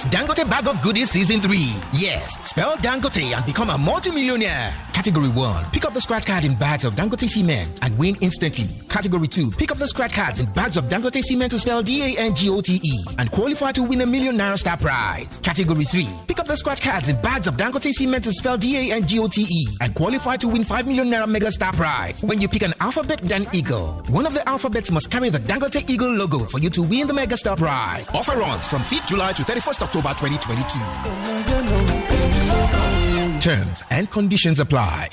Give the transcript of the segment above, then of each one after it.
It's Dangote Bag of Goodies Season 3. Yes, spell Dangote and become a multi-millionaire. Category 1. Pick up the scratch card in bags of Dangote cement and win instantly. Category 2. Pick up the scratch cards in bags of Dangote cement to spell D-A-N-G-O-T-E and qualify to win a million naira star prize. Category 3. Pick up the scratch cards in bags of Dangote cement to spell D-A-N-G-O-T-E and qualify to win 5 million naira mega star prize when you pick an alphabet Dan Eagle. One of the alphabets must carry the Dangote Eagle logo for you to win the mega star prize. Offer runs from 5th July to 31st October 2022. Terms and conditions apply.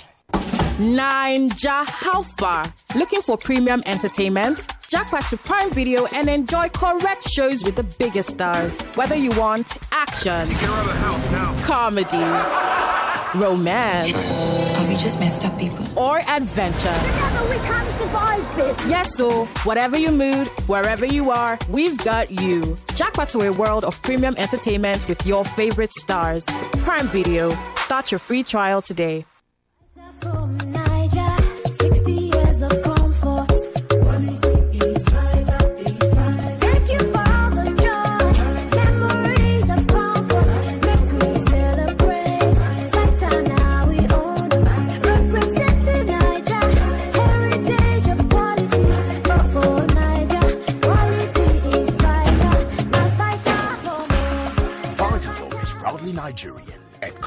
Ninja, how far? Looking for premium entertainment? Jackpot to Prime Video and enjoy correct shows with the biggest stars. Whether you want action, comedy romance, Are we just messed up people, or adventure. Together we can survive this. Yes, so whatever your mood, wherever you are, we've got you. Jackpot to a world of premium entertainment with your favorite stars. Prime Video. Start your free trial today.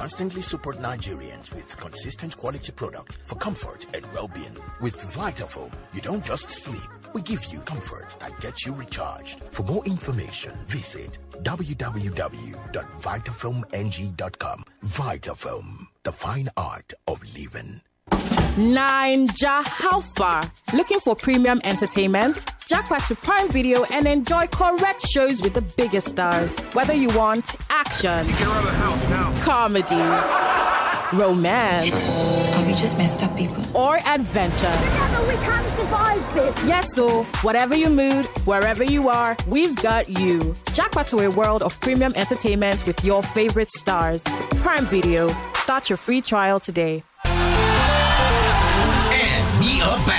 constantly support Nigerians with consistent quality products for comfort and well-being. With Vitafilm, you don't just sleep. We give you comfort that gets you recharged. For more information, visit www.vitafilmng.com. Vitafilm, the fine art of living. Ninja. How far? Looking for premium entertainment? Jackpot to Prime Video and enjoy correct shows with the biggest stars. Whether you want action, you comedy, romance, have you just messed up people? Or adventure. Together we can survive this. Yes, so whatever your mood, wherever you are, we've got you. Jackpot to a world of premium entertainment with your favorite stars. Prime Video. Start your free trial today. We are back.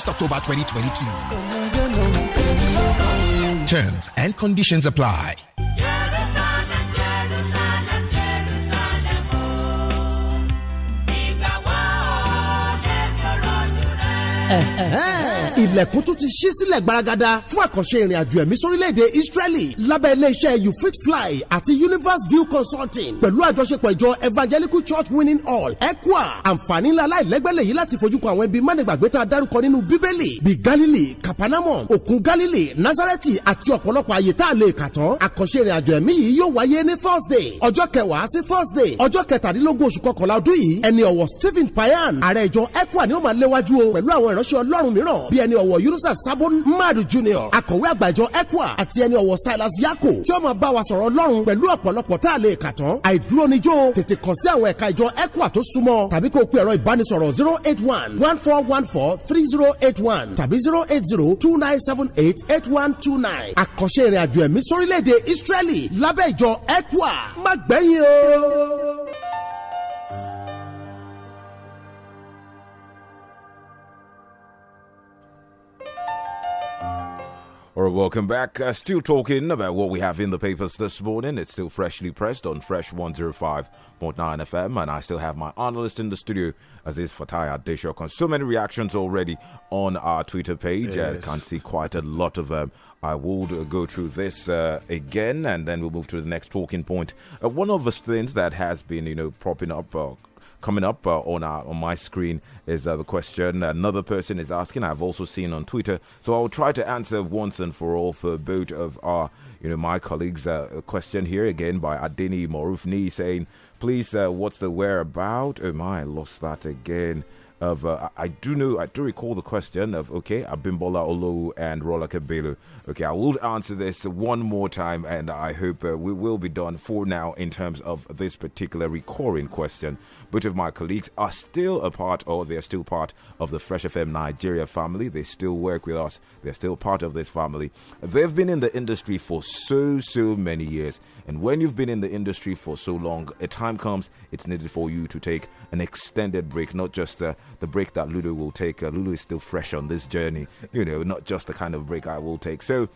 1st October 2022. Terms and conditions apply. ilẹ̀kùn tún ti ṣí sílẹ̀ gbaragada fún àkànṣe ìrìn àjò ẹ̀mí sórílẹ̀-èdè Israeli lábẹ́ iléeṣẹ́ you fit fly àti universe view consulting pẹ̀lú àjọṣepọ̀ ìjọ evangelical church winning all ECWA àǹfààní ńlá aláìlẹ́gbẹ́lẹ̀ yìí láti fojú kan àwọn ibi mánigbàgbé tá a dárúkọ nínú bíbélì bíi Galilee Capernaum òkun Galilee Nazareti àti ọ̀pọ̀lọpọ̀ àyè tá a lè kà tán àkànṣe ìrìn àjò ẹ̀mí yìí yóò wáyé ní Thursday ọjọ́ kẹwàá sí Thursday ọjọ́ kẹtàdínlógún oṣù kọkànlá ọdún yìí ẹni ọ̀wọ̀ Stephen Payan ààrẹ ìjọ ECWA ni ó máa léwájú o pẹ̀lú àwọn ìr ìránṣẹ́ ọlọ́run mìíràn bí ẹni ọ̀wọ̀ yunusa sabon madu junior akọ̀wé àgbàjọ ecua àti ẹni ọ̀wọ̀ silas yako tí ó máa bá wa sọ̀rọ̀ ọlọ́run pẹ̀lú ọ̀pọ̀lọpọ̀ tá a lè kà tán àìdúró ni jó tètè kàn sí àwọn ẹ̀ka ìjọ ecua tó súnmọ́ tàbí kó o pe ẹ̀rọ ìbánisọ̀rọ̀ zero eight one one four one four three zero eight one tàbí zero eight zero two nine seven eight eight one two nine àkànṣe ìrìnàjò ẹ̀mí sórílẹ̀-èdè israeli lábẹ́ ìjọ ecua má gbẹ̀yìn o. All right, welcome back. Uh, still talking about what we have in the papers this morning. It's still freshly pressed on Fresh 105.9 FM, and I still have my analyst in the studio, as is Fataya Deshok. So many reactions already on our Twitter page. I yes. uh, can see quite a lot of them. I would go through this uh, again, and then we'll move to the next talking point. Uh, one of the things that has been, you know, propping up uh, Coming up uh, on our, on my screen is uh, the question another person is asking. I've also seen on Twitter, so I'll try to answer once and for all for both of our you know my colleagues. Uh, question here again by Adini Morufni saying, "Please, what's the whereabout?" Oh my, I lost that again of uh, I do know I do recall the question of okay Abimbola Olu and Rola Kabelu. Okay, I will answer this one more time, and I hope uh, we will be done for now in terms of this particular recurring question. Both of my colleagues are still a part, or they're still part of the Fresh FM Nigeria family. They still work with us, they're still part of this family. They've been in the industry for so, so many years. And when you've been in the industry for so long, a time comes it's needed for you to take an extended break, not just uh, the break that Lulu will take. Uh, Lulu is still fresh on this journey, you know, not just the kind of break I will take. So,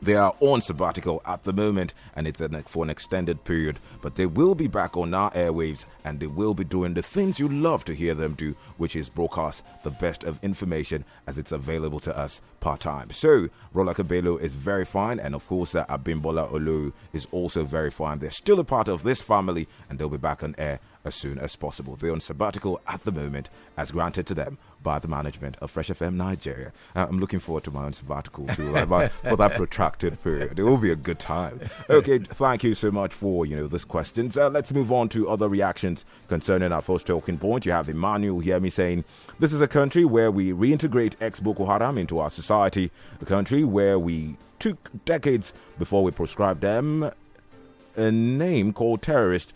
they are on sabbatical at the moment and it's an, for an extended period, but they will be back on our airwaves and they will be doing the things you love to hear them do, which is broadcast the best of information as it's available to us part time. So, Rola Cabello is very fine, and of course, uh, Abimbola Olu is also very fine. They're still a part of this family and they'll be back on air as soon as possible. They're on sabbatical at the moment, as granted to them by the management of Fresh FM Nigeria. Uh, I'm looking forward to my own sabbatical too, uh, for that protracted period. It will be a good time. Okay, thank you so much for you know this questions. Uh, let's move on to other reactions concerning our first talking point. You have Emmanuel hear me saying, "This is a country where we reintegrate ex Boko Haram into our society. A country where we took decades before we proscribed them." A name called terrorist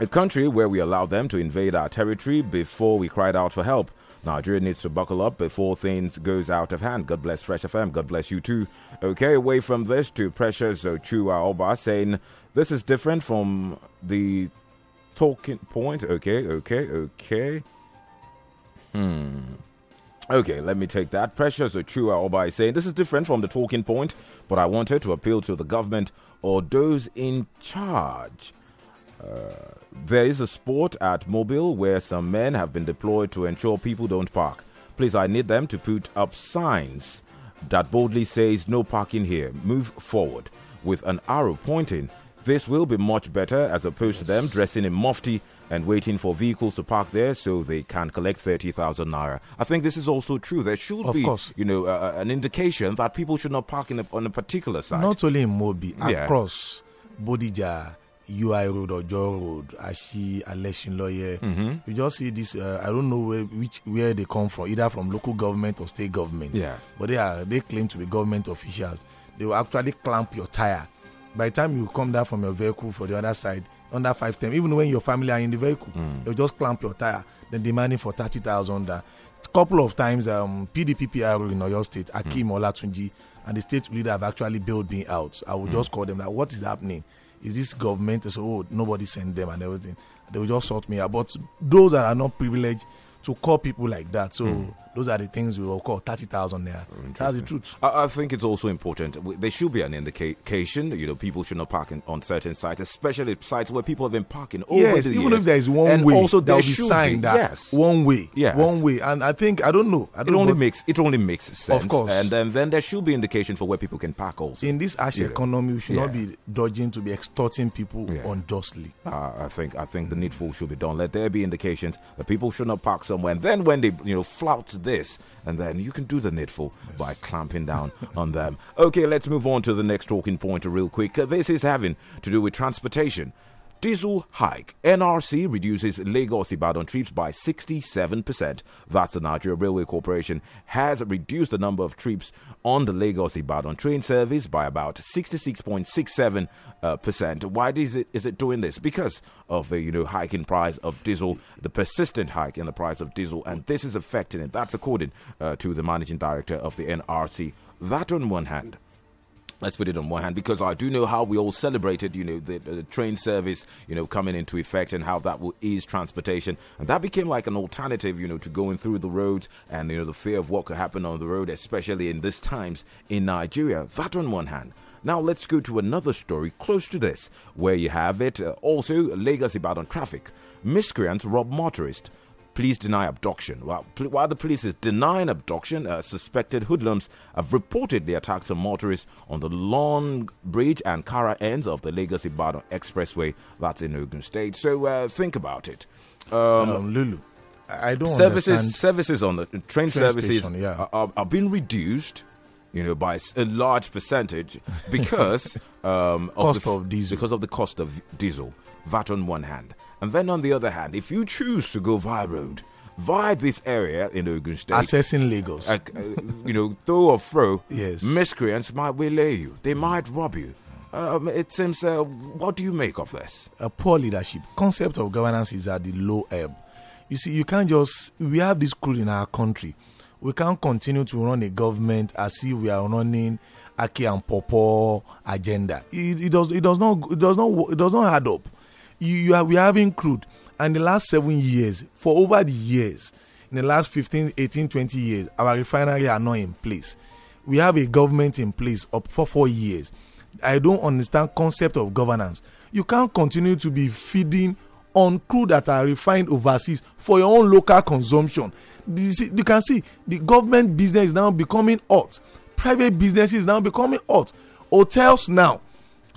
a country where we allowed them to invade our territory before we cried out for help. Nigeria needs to buckle up before things goes out of hand. God bless Fresh FM. God bless you too. Okay, away from this to Precious Ochua Oba saying this is different from the talking point. Okay, okay, okay. Hmm. Okay, let me take that. Precious Ochua Oba is saying this is different from the talking point, but I wanted to appeal to the government or those in charge there is a sport at Mobile where some men have been deployed to ensure people don't park. Please, I need them to put up signs that boldly says no parking here. Move forward with an arrow pointing. This will be much better as opposed yes. to them dressing in mufti and waiting for vehicles to park there so they can collect 30,000 naira. I think this is also true. There should of be, course. you know, uh, an indication that people should not park a, on a particular side. Not only in Mobi, yeah. across Bodija, UI Road or John Road, Ashi, Aleshin mm-hmm. You just see this. Uh, I don't know where which where they come from, either from local government or state government. Yeah. But they are they claim to be government officials. They will actually clamp your tire. By the time you come down from your vehicle for the other side, under five ten, even when your family are in the vehicle, mm. they'll just clamp your tire. Then demanding for thirty thousand. A couple of times, um, in Oyo State, Akim mm. Olatunji, and the state leader have actually bailed me out. I will mm. just call them like, what is happening? is this government? So, oh, nobody sent them and everything. They will just sort me out. But those that are not privileged to call people like that. So mm. those are the things we will call 30,000 there. That's the truth. I, I, think it's also important. There should be an indication. You know, people should not park in, on certain sites, especially sites where people have been parking over yes, the even years. if there is one and way. also there, should will be signed that yes. one way. Yes. One way. And I think, I don't know. I don't it, only know, makes, it only makes sense. Of course. And then, then there should be indication for where people can park also. In this ash economy, we should yeah. not be dodging to be extorting people yeah. unjustly. Uh, I think I think the needful should be done. Let there be indications that people should not park somewhere and when then when they you know flout this, and then you can do the needful yes. by clamping down on them. Okay, let's move on to the next talking point real quick. This is having to do with transportation Diesel hike. NRC reduces Lagos Ibadan trips by 67%. That's the Nigeria Railway Corporation has reduced the number of trips on the Lagos Ibadan train service by about 66.67%. Uh, Why is it, is it doing this? Because of the you know hike in price of diesel, the persistent hike in the price of diesel, and this is affecting it. That's according uh, to the managing director of the NRC. That on one hand. Let's put it on one hand because I do know how we all celebrated, you know, the, the, train service, you know, coming into effect and how that will ease transportation. And that became like an alternative, you know, to going through the roads and, you know, the fear of what could happen on the road, especially in these times in Nigeria. That on one hand. Now let's go to another story close to this, where you have it uh, also Lagos on traffic. Miscreant rob motorist. Police deny abduction. While, while the police is denying abduction, uh, suspected hoodlums have reported the attacks some motorists on the Long Bridge and Kara ends of the Lagos Ibadan Expressway. That's in Ogun State. So uh, think about it. Um, um, Lulu, I don't services understand. services on the train, train services station, yeah. are, are, are being reduced you know, by a large percentage because um, of cost the, of diesel. because of the cost of diesel. VAT on one hand, and then on the other hand, if you choose to go via road, via this area in Ogun State, accessing Lagos, uh, uh, you know, throw or throw, yes, miscreants might waylay you. They mm. might rob you. Um, it seems. Uh, what do you make of this? A uh, poor leadership concept of governance is at the low ebb. You see, you can't just. We have this crew in our country. We can't continue to run a government as if we are running Aki and Popo agenda. It, it does. It does not. It does not. It does not add up you, you are we are having crude and the last seven years for over the years in the last 15 18 20 years our refinery are not in place we have a government in place up for four years i don't understand concept of governance you can't continue to be feeding on crude that are refined overseas for your own local consumption you, see, you can see the government business is now becoming hot private businesses now becoming hot hotels now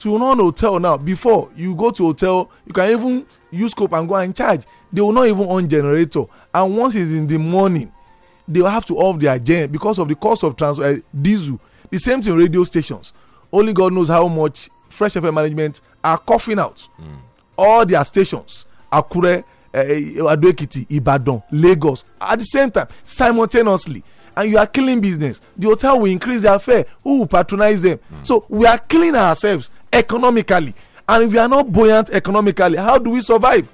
to run hotel now before you go to hotel you can even use cope and go and charge they will not even on generator and once it's in the morning they will have to off their gen because of the cost of trans uh, diesel the same thing radio stations only god knows how much fresh affair management are coughing out mm. all their stations akure uh, eh, eh, adoekiti ibadan lagos at the same time simultaneously and you are killing business the hotel will increase their fare who will patronize them mm. so we are killing ourselves economically and if we are not buoyant economically how do we survive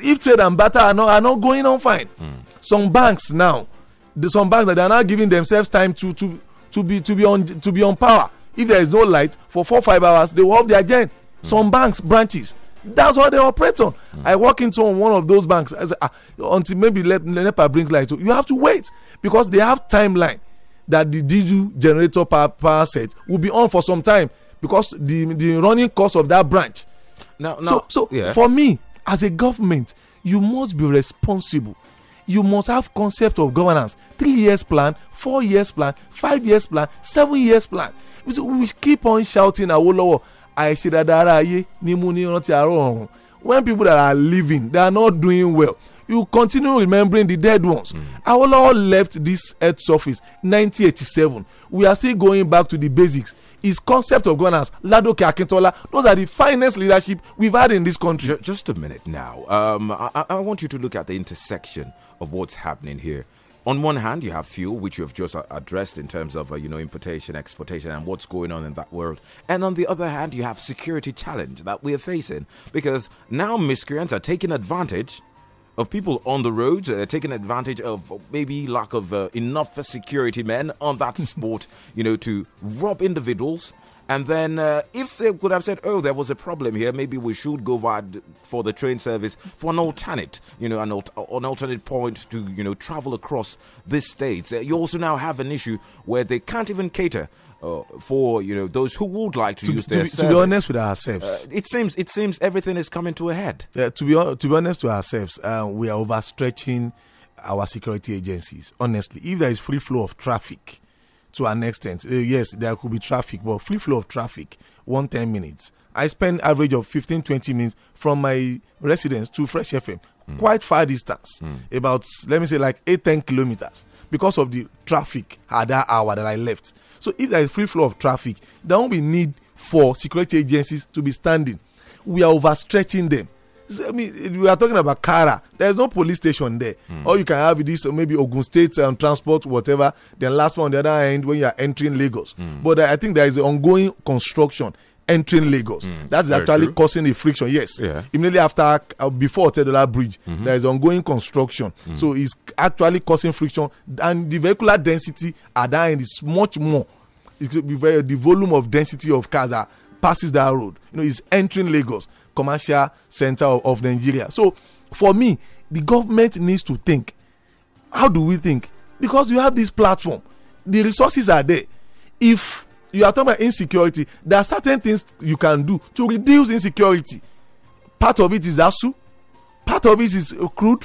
if trade and barter are not are not going on fine mm. some banks now the, some banks that they are now giving themselves time to to to be to be on to be on power if there is no light for four five hours they will off their gen mm. some banks branches that's what they operate on mm. i walk into one of those banks ah, until maybe let nepa brings light you have to wait because they have timeline that the diesel generator power, power set will be on for some time because the the running cost of that branch. Now, now so so yeah. for me as a government, you must be responsible. You must have concept of governance. Three years plan, four years plan, five years plan, seven years plan. So we keep on shouting Awolowo, àìṣedàdàrà that ni mo ní money on ọ̀run. When people that are living, they are not doing well you continue remembering the dead ones. Mm. Awolowo left this earth surface 1987. We are still going back to the basics his concept of governance, Ladoke Akintola, those are the finest leadership we've had in this country. Just a minute now. Um, I, I want you to look at the intersection of what's happening here on one hand, you have fuel, which you have just addressed in terms of uh, you know importation, exportation, and what's going on in that world. And on the other hand, you have security challenge that we are facing because now miscreants are taking advantage of people on the roads uh, taking advantage of maybe lack of uh, enough security men on that sport, you know, to rob individuals. And then, uh, if they could have said, "Oh, there was a problem here. Maybe we should go via for the train service for an alternate, you know, an, an alternate point to you know travel across this states." Uh, you also now have an issue where they can't even cater uh, for you know those who would like to, to use their to be, to be honest with ourselves, uh, it seems it seems everything is coming to a head. Yeah, to be to be honest with ourselves, uh, we are overstretching our security agencies. Honestly, if there is free flow of traffic to an extent, uh, yes, there could be traffic, but free flow of traffic, one ten minutes. I spend average of 15, 20 minutes from my residence to Fresh FM, mm. quite far distance, mm. about let me say like eight, ten kilometers because of the traffic at that hour that I left. So if there is free flow of traffic, there won't be need for security agencies to be standing. We are overstretching them. I mean, we are talking about Kara. There is no police station there. Mm. Or you can have this uh, maybe Ogun State um, transport, whatever. Then last one on the other end when you are entering Lagos. Mm. But I think there is ongoing construction entering Lagos. Mm, That's actually true. causing a friction. Yes. Yeah. Immediately after, uh, before Tedola Bridge, mm-hmm. there is ongoing construction. mm So it's actually causing friction. And the vehicular density at that end is much more. Very, the volume of density of cars that passes that road, you know, is entering Lagos, commercial center of, of Nigeria. So for me, the government needs to think. How do we think? Because you have this platform, the resources are there. If you are talking about insecurity there are certain things you can do to reduce insecurity part of it is asu part of it is crude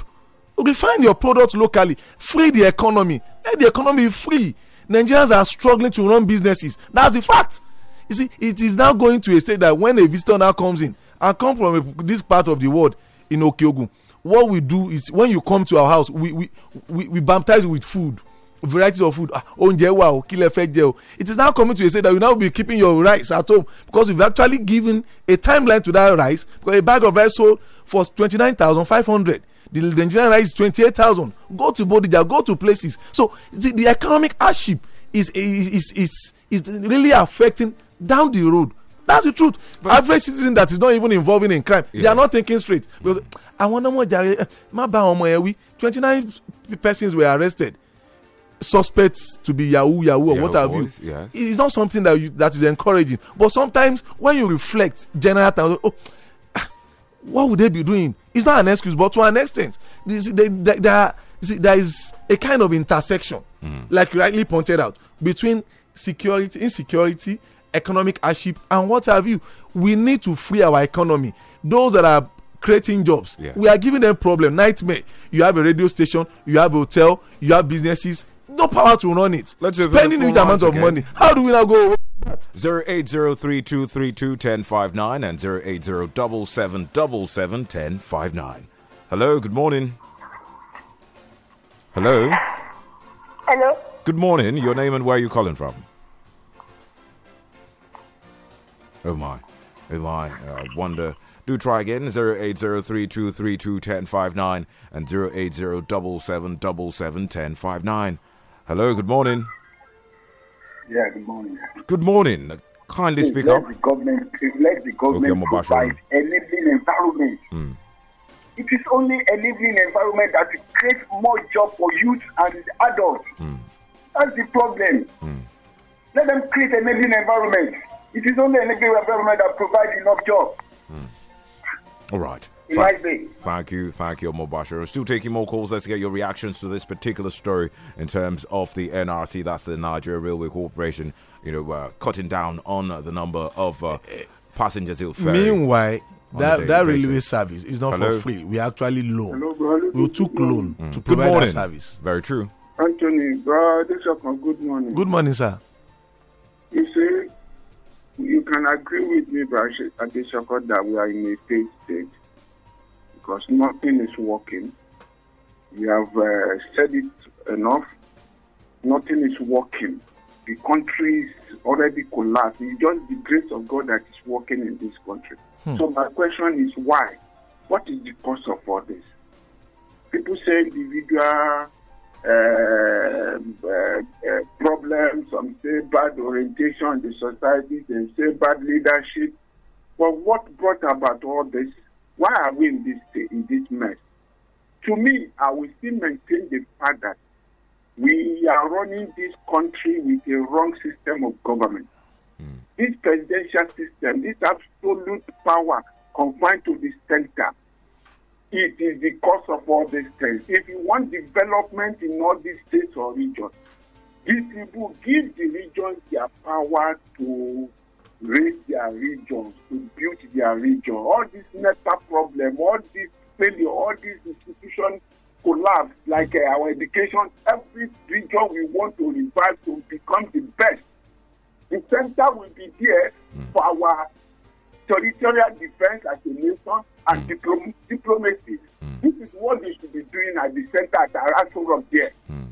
refine your product locally free the economy let the economy free nigerians are struggling to run businesses that's the fact you see it is now going to a state that when a visitor now comes in i come from a, this part of the world in okeogun what we do is when you come to our house we we we, we baptize you with food varieties of food ah, oúnjẹ wà o kí lẹ fẹ́ jẹ o it is now coming to a say that you now be keeping your rice at home because you have actually given a timeline to that rice because a bag of rice sold for twenty nine thousand five hundred, the nigerian rice is twenty-eight thousand go to bodija go to places so the, the economic hardship is, is is is really affecting down the road that's the truth but average citizen that is not even involving in crime yeah. they are not thinking straight because àwọn ọmọ jàre eh, má bá ọmọ yẹn wí twenty nine persons were arrested suspects to be yahoo yahoo or yeah, what have you yes. it's not something that you that is encouraging but sometimes when you reflect general oh ah, what would they be doing it's not an excuse but to an extent see, they, they, they are, see, there is a kind of intersection mm. like you rightly pointed out between security insecurity economic hardship and what have you we need to free our economy those that are creating jobs. Yeah. We are giving them problem, nightmare. You have a radio station, you have a hotel, you have businesses, no power to run it. Let's Spending huge amounts of money. How do we now go? Zero eight zero three two three two ten five nine and zero eight zero double seven double seven ten five nine. Hello, good morning. Hello. Hello. Good morning. Your name and where are you calling from? Oh my, oh my. I uh, wonder. Do try again. Zero eight zero three two three two ten five nine and zero eight zero double seven double seven ten five nine. Hello, good morning. Yeah, good morning. Good morning. Kindly please speak let up. The government, let the government okay, provide enabling environment. Mm. It is only enabling environment that creates more job for youth and adults. Mm. That's the problem. Mm. Let them create enabling environment. It is only enabling environment that provides enough jobs. Hmm. All right might be. Thank you, thank you, Mobasher. We're still taking more calls. Let's get your reactions to this particular story in terms of the NRC, that's the Nigeria Railway Corporation, you know, uh, cutting down on the number of uh, passengers it ferry. Meanwhile, that, that railway service is not Hello? for free. We actually loan. we took loan mm. to provide that service. Very true. Anthony, this is my good morning. Good morning, sir. You see, you can agree with me, but I should, record that we are in a state state because nothing is working. We have uh, said it enough. Nothing is working. The country is already collapsed. It's just the grace of God that is working in this country. Hmm. So my question is why? What is the cause of all this? People say individual uh, uh, uh, problems, some say bad orientation in the society, some say bad leadership. But what brought about all this why are we in this in this mess? To me, I will still maintain the fact that we are running this country with a wrong system of government. Mm. This presidential system, this absolute power confined to the center, it is the cause of all these things. If you want development in all these states or regions, these people give the regions their power to raise their regions, to build their region. All this NETA problem, all this failure, all these institutions collapse, like uh, our education, every region we want to revive to become the best. The center will be there hmm. for our territorial defense as a nation and hmm. diplomacy. Hmm. This is what they should be doing at the center at Arasoro there. Mm.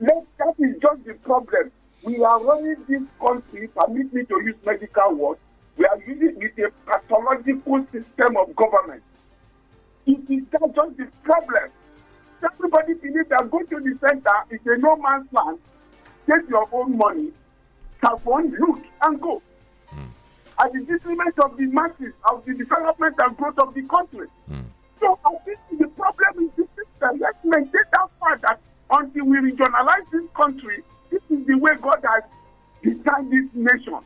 Let, that is just the problem. We are running this country, permit me to use medical words, we are using with a pathological system of government. It is not just the problem. Everybody believes that go to the center is a no man's land. Take your own money, have one look, and go. Mm. At the detriment of the masses, of the development and growth of the country. Mm. So I think the problem is the system. Let's maintain that fact that until we regionalize this country, this is the way God has designed this nation.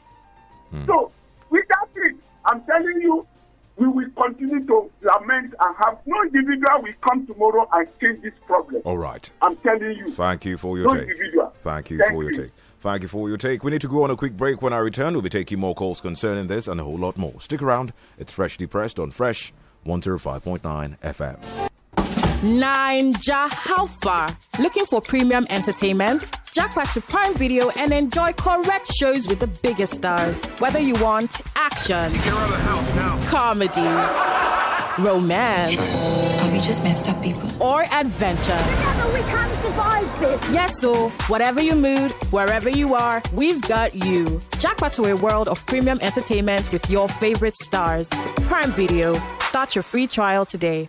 Mm. So, with that said, I'm telling you, we will continue to lament and have no individual will come tomorrow and change this problem. All right. I'm telling you. Thank you for your no take. Individual. Thank you Thank for you. your take. Thank you for your take. We need to go on a quick break. When I return, we'll be taking more calls concerning this and a whole lot more. Stick around. It's Freshly Pressed on Fresh 105.9 FM. Ninja, how far? Looking for premium entertainment? Jackpot to Prime Video and enjoy correct shows with the biggest stars. Whether you want action, comedy, romance, have you just messed up people? Or adventure. Together we can survive this. Yes, so whatever your mood, wherever you are, we've got you. Jackpot to a world of premium entertainment with your favorite stars. Prime Video. Start your free trial today.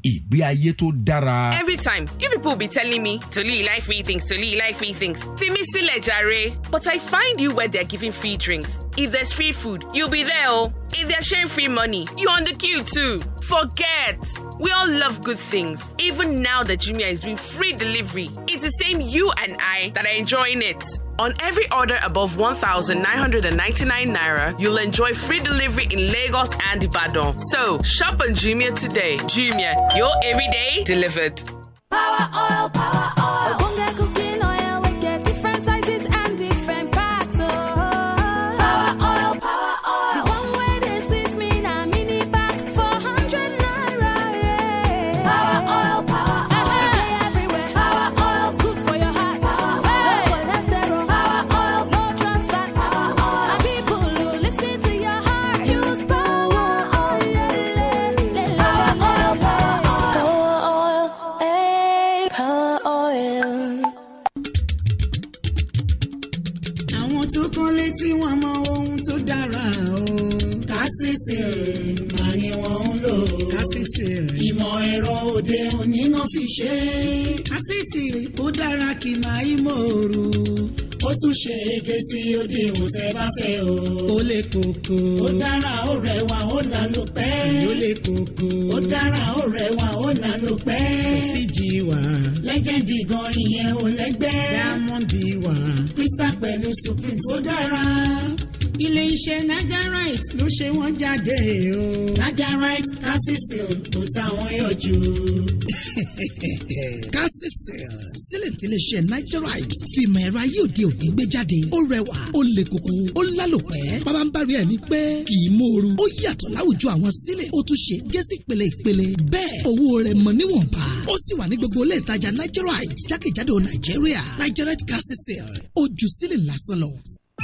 ìgbé ayé tó dára. every time you people be telling me Tolú like free things Tolú like free things fi mí sílẹ̀ jàre but I find you where they're giving free drinks if there's free food you'll be there o oh. if they're sharing free money you on the queue too. Forget! We all love good things. Even now that Jumia is doing free delivery, it's the same you and I that are enjoying it. On every order above 1,999 naira, you'll enjoy free delivery in Lagos and Ibadan. So, shop on Jumia today. Jumia, your everyday delivered. Power oil, power oil. ṣe àṣìṣì ó dára kì máa í mòrò ó tún ṣe ege tí ó di ìwò tẹ bá fẹ́ o. ó le koko. ó dára ó rẹwà ó là ló pẹ́. ó le koko. ó dára ó rẹwà ó là pẹ́. kò sí jí lẹ́gẹ̀dì gan ìyẹn ò lẹ́gbẹ́. diamond wà. crystal pẹ̀lú supreme ó dára ilé iṣẹ́ Nigerite ló ṣe wọ́n jáde o. Nigerite calcicil kò táwọn yọ jù. calcicil sílẹ̀ tí ilé iṣẹ́ Nigerite fìmọ̀ ẹ̀rọ ayé òde òní gbé jáde ó rẹwà ó le koko ó lálòpẹ́ bàbá ń bá rí ẹ̀ ní pẹ́ kì í mòoru ó yàtọ̀ láwùjọ àwọn sílẹ̀ ó tún ṣe gẹ́sì pèlè ìpèlè bẹ́ẹ̀ owó rẹ̀ mọ̀ níwọ̀nba ó sì wà ní gbogbo ilé ìtajà Nigerite jákèjádò Nàìjíríà Nigerite calcicil ojú sílẹ̀ lásán lọ.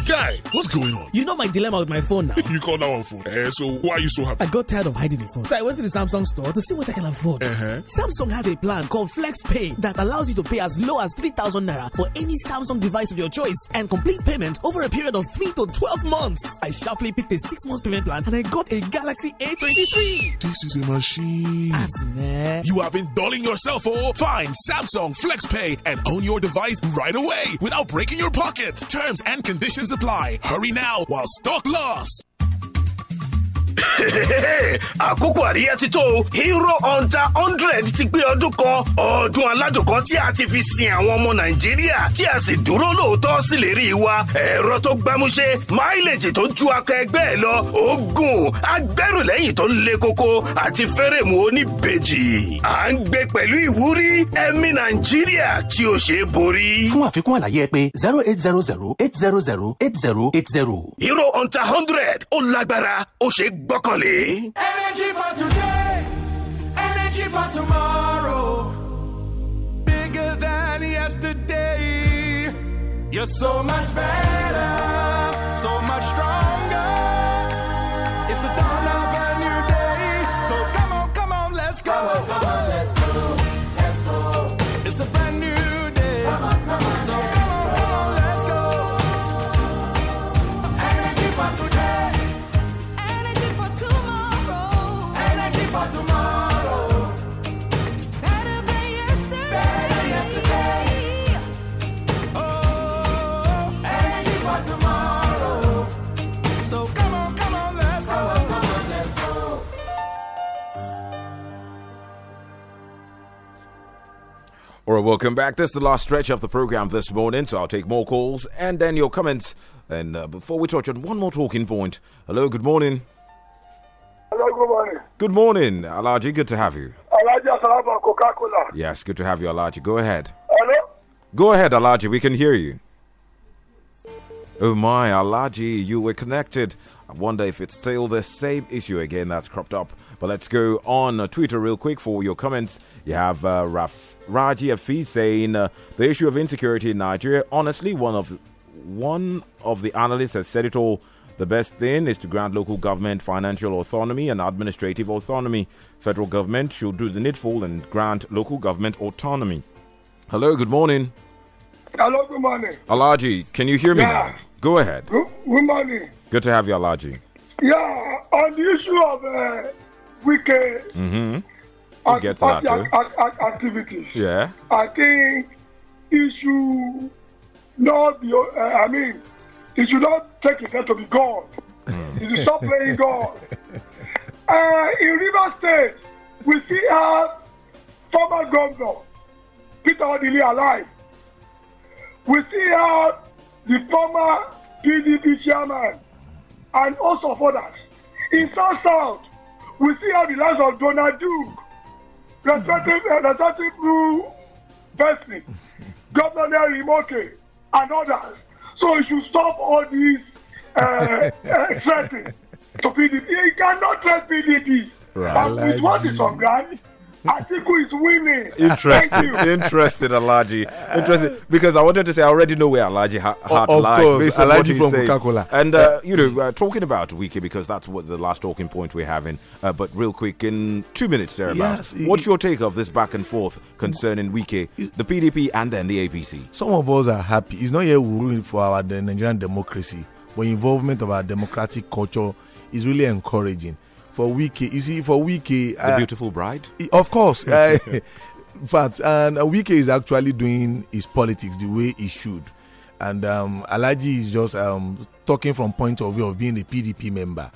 Guy, what's going on? You know my dilemma with my phone now. you call that one phone. Uh, so why are you so happy? I got tired of hiding the phone. So I went to the Samsung store to see what I can afford. Uh-huh. Samsung has a plan called Flex Pay that allows you to pay as low as 3,000 naira for any Samsung device of your choice and complete payment over a period of 3 to 12 months. I sharply picked a 6 month payment plan and I got a Galaxy A23. This is a machine. Asine. Eh? You have been dulling yourself, oh? Find Samsung Flex Pay and own your device right away without breaking your pocket. Terms and conditions supply. Hurry now while stock lasts. àkókò àríyá ti tó hero honda hundred ti gbé ọdún kan ọdún aládùn kan tí a ti fi sin àwọn ọmọ nàìjíríà tí a sì dúró lóòótọ́ sí lè rí i wa ẹ̀rọ tó gbámúṣé máìlèjì tó ju akọ ẹgbẹ́ ẹ lọ oògùn agbẹ́rùlẹ́yìn tó ń le koko àti fẹ́rẹ̀mù oníbejì à ń gbé pẹ̀lú ìwúrí ẹ̀mí nàìjíríà tí ó ṣe é borí. fún àfikún àlàyé ẹ pé zero eight zero zero eight zero zero eight zero eight zero. hero honda hundred ó lágbára ó ṣe é gbọ́kànlé. energy for today energy for tomorrow bigger than yesterday you're so much better so much stronger it's the dawn of a new day so come on come on let's go. Come on, come on. All right, welcome back. This is the last stretch of the program this morning, so I'll take more calls and then your comments. And uh, before we touch on one more talking point, hello, good morning. Hello, good morning. Good morning, Alaji. Good to have you. Alaji, Asalama, Coca Cola. Yes, good to have you, Alaji. Go ahead. Hello? Go ahead, Alaji. We can hear you. Oh my, Alaji, you were connected. I wonder if it's still the same issue again that's cropped up but let's go on uh, Twitter real quick for your comments. You have uh, Raf, Raji Afi saying uh, the issue of insecurity in Nigeria. Honestly, one of one of the analysts has said it all. The best thing is to grant local government financial autonomy and administrative autonomy. Federal government should do the needful and grant local government autonomy. Hello, good morning. Hello, good morning. Alaji, can you hear me yeah. now? Go ahead. Good morning. Good to have you, Alaji. Yeah, on the issue of uh weekend mm-hmm. At, get at, at, activities. Yeah. I think it should not be, uh, I mean, it should not take effect to be God. Mm. It should stop playing God. Uh, in River State, we see our former governor, Peter Odili, alive. We see how the former PDP chairman and also others. In South South, we see how the lives of Donald Duke, the Saturday uh, Blue Vesting, Governor Larry and others. So we should stop all these uh, uh, threats to PDP. He cannot threat PDP. Right. And with what is on ground, Atiku is winning. Interesting. Interesting, Alaji. Interesting. Because I wanted to say, I already know where Alaji ha- heart of lies. Course, based Alaji from Coca-Cola. And, uh, you know, uh, talking about Wiki, because that's what the last talking point we're having. Uh, but real quick, in two minutes thereabouts, yes, what's your take of this back and forth concerning Wiki, the PDP, and then the APC? Some of us are happy. It's not yet ruling for our Nigerian democracy, but involvement of our democratic culture is really encouraging for Wike. You see, for Wike, the uh, beautiful bride. Of course, But and uh, Wike is actually doing his politics the way he should. And um, Alaji is just um, talking from point of view of being a PDP member,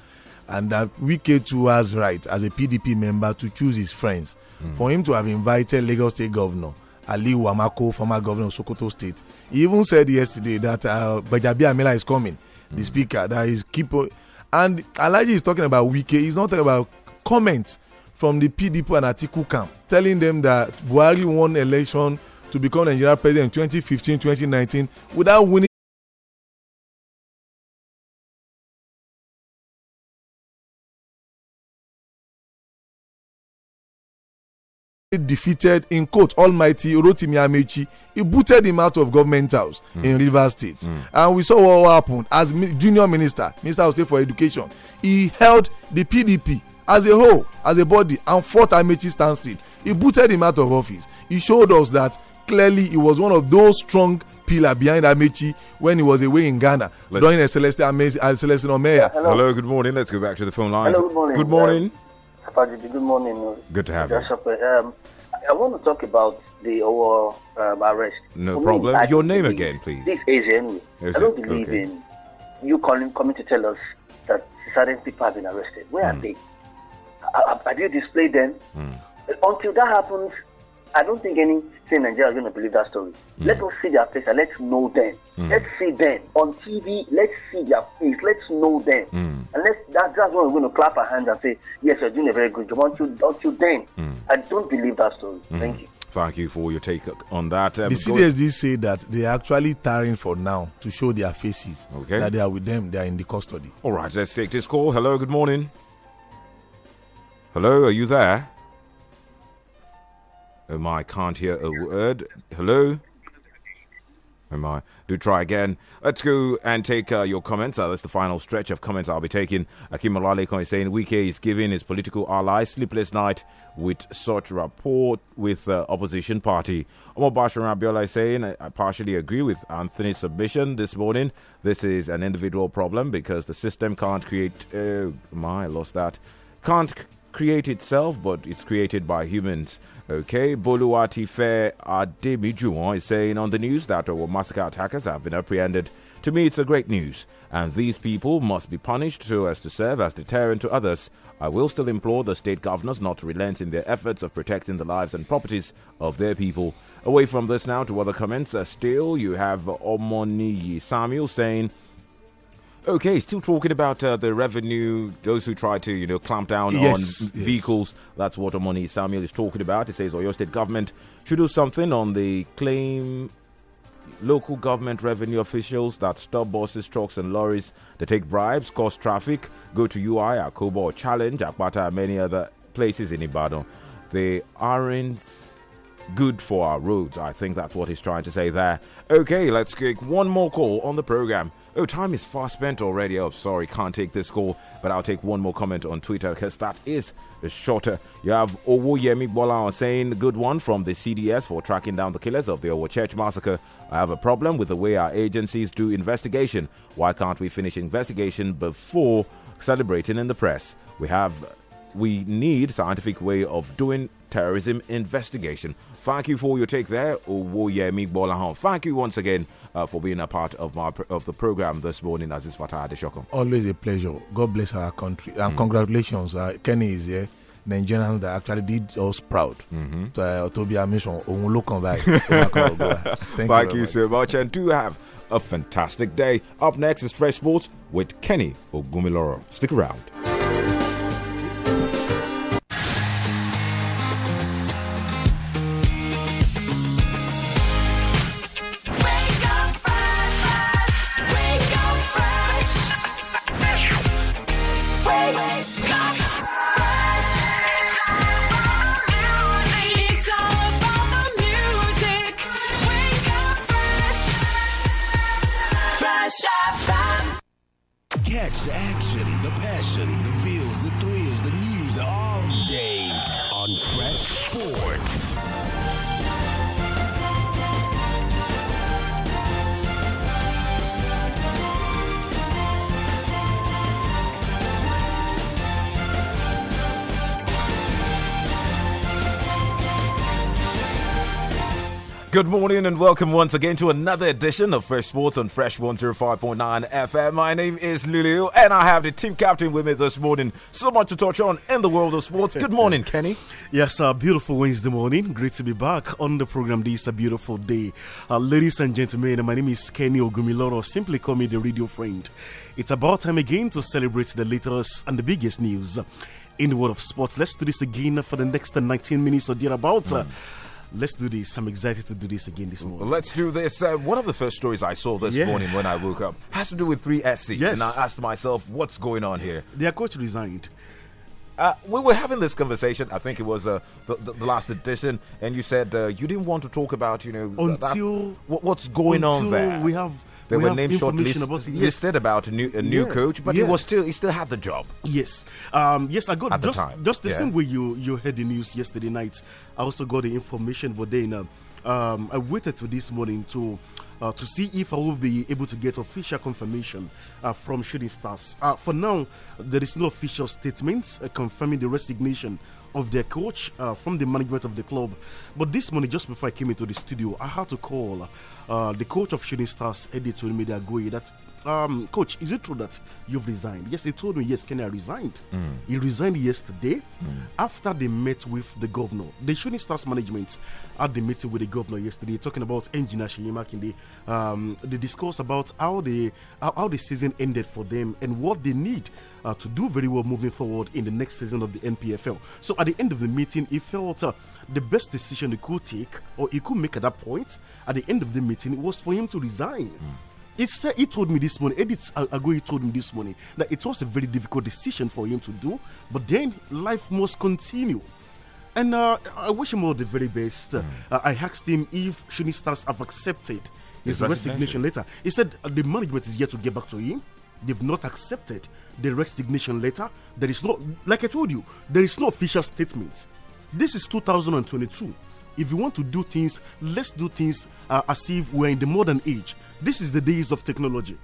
and that uh, Wike too has right as a PDP member to choose his friends. Mm. For him to have invited Lagos State Governor Ali Wamako, former governor of Sokoto State, he even said yesterday that uh, Bajabi Amela is coming, mm. the hmm. speaker, that is keep. Uh, And Alaji is talking about Wike. is not talking about comments from the PDP and Atiku camp telling them that Buhari won election to become Nigeria president in 2015, 2019 without winning defeated in court almighty rotimi amechi he booted him out of government house mm. in rivers state mm. and we saw what happened as junior minister minister of state for education he held the pdp as a whole as a body and fought amechi standstill he booted him out of office he showed us that clearly he was one of those strong pillar behind amechi when he was away in ghana Let's during a Celestial omeya. Hello. hello good morning let's go back to the phone line hello good morning good morning good morning. Good to have you. um, I want to talk about the our um, arrest. No For problem. Me, Your name again, please. This is Is I don't it? believe okay. in you calling, coming to tell us that certain people have been arrested. Where mm. are hmm. they? Have you displayed them? Mm. Until that happens, I don't think anything in Nigeria is going to believe that story. Mm. Let us see their face and let's know them. Mm. Let's see them on TV. Let's see their face. Let's know them. Mm. And let's, that, that's when we're going to clap our hands and say, yes, you're doing a very good job. Until, until then, I don't believe that story. Hmm. Thank you. Thank you for your take on that. Um, the CDSD say that they are actually tiring for now to show their faces. Okay. That they are with them, they are in the custody. All right, let's take this call. Hello, good morning. Hello, are you there? Oh my, can't hear a word. Hello? Oh my, do try again. Let's go and take uh, your comments. Uh, that's the final stretch of comments I'll be taking. Akim Olaleko is saying Wike is giving his political ally sleepless night with such rapport with uh, opposition party. Omar Bashir Rabiola is saying I partially agree with Anthony's submission this morning. This is an individual problem because the system can't create. Oh my, I lost that. Can't create itself, but it's created by humans. Okay, Boluwatife Ademijuwon is saying on the news that our massacre attackers have been apprehended. To me, it's a great news, and these people must be punished so as to serve as deterrent to others. I will still implore the state governors not to relent in their efforts of protecting the lives and properties of their people. Away from this now to other comments. Uh, still, you have Omoniyi Samuel saying, Okay, still talking about uh, the revenue, those who try to, you know, clamp down yes, on yes. vehicles. That's what Omoni Samuel is talking about. He says Oyo State government should do something on the claim local government revenue officials that stop buses, trucks, and lorries that take bribes, cause traffic, go to UI, Akobo, Challenge, Akbata, many other places in Ibadan. They aren't good for our roads. I think that's what he's trying to say there. Okay, let's take one more call on the program. Oh, time is far spent already. Oh, sorry, can't take this call, but I'll take one more comment on Twitter because that is shorter. You have Yemi Bola saying, Good one from the CDS for tracking down the killers of the Owo Church massacre. I have a problem with the way our agencies do investigation. Why can't we finish investigation before celebrating in the press? We have we need scientific way of doing terrorism investigation. Thank you for your take there, Yemi Bolahan. Thank you once again uh, for being a part of my of the program this morning, Aziz Fatah Adeshoko. Always a pleasure. God bless our country. And mm. congratulations, uh, Kenny is here. Nigerians that actually did us proud to, be our mission. Thank, Thank you, you so much, and do have a fantastic day. Up next is Fresh Sports with Kenny Ogumiloro. Stick around. Good morning and welcome once again to another edition of Fresh Sports on Fresh 105.9 FM. My name is Lulu and I have the team captain with me this morning. So much to touch on in the world of sports. Good morning, Kenny. Yes, a uh, beautiful Wednesday morning. Great to be back on the program. This is a beautiful day. Uh, ladies and gentlemen, my name is Kenny Ogumiloro. Simply call me the radio friend. It's about time again to celebrate the latest and the biggest news in the world of sports. Let's do this again for the next 19 minutes or thereabouts. Mm let's do this. I'm excited to do this again this morning. let's do this. Uh, one of the first stories I saw this yeah. morning when I woke up has to do with 3SC. Yes. And I asked myself, what's going on here? Their coach resigned. Uh, we were having this conversation. I think it was uh, the, the, last edition, and you said uh, you didn't want to talk about you know until that, what, what's going until on there. We have they we were named shortlisted yes. about a new, a new yeah. coach, but yeah. he was still he still had the job. Yes, um, yes, I got At just the just the yeah. same way you you heard the news yesterday night. I also got the information, but then uh, um, I waited to this morning to. Uh, to see if I will be able to get official confirmation uh, from Shooting Stars. Uh, for now, there is no official statement uh, confirming the resignation of their coach, uh, from the management of the club. But this morning, just before I came into the studio, I had to call uh, the coach of Shooting Stars, Eddie Tolmedia Goye, that um, coach, is it true that you've resigned? Yes, he told me, yes, Kenya resigned. Mm. He resigned yesterday mm. after they met with the governor. The Shooting Stars management had the meeting with the governor yesterday, talking about engineer Shinyima Kinde. Um, they discussed about how, the how, how the season ended for them and what they need uh, to do very well moving forward in the next season of the NPFL. So at the end of the meeting, he felt uh, the best decision he could take or he could make at that point at the end of the meeting was for him to resign. Mm. He said he told me this morning, Edith Ago, he told me this morning that it was a very difficult decision for him to do, but then life must continue. And uh, I wish him all the very best. Mm. Uh, I asked him if Shooting Stars have accepted his, his resignation letter. He said the management is yet to get back to him. They've not accepted the resignation letter. There is no, like I told you, there is no official statement. This is 2022. If you want to do things, let's do things uh, as if we're in the modern age. This is the days of technology.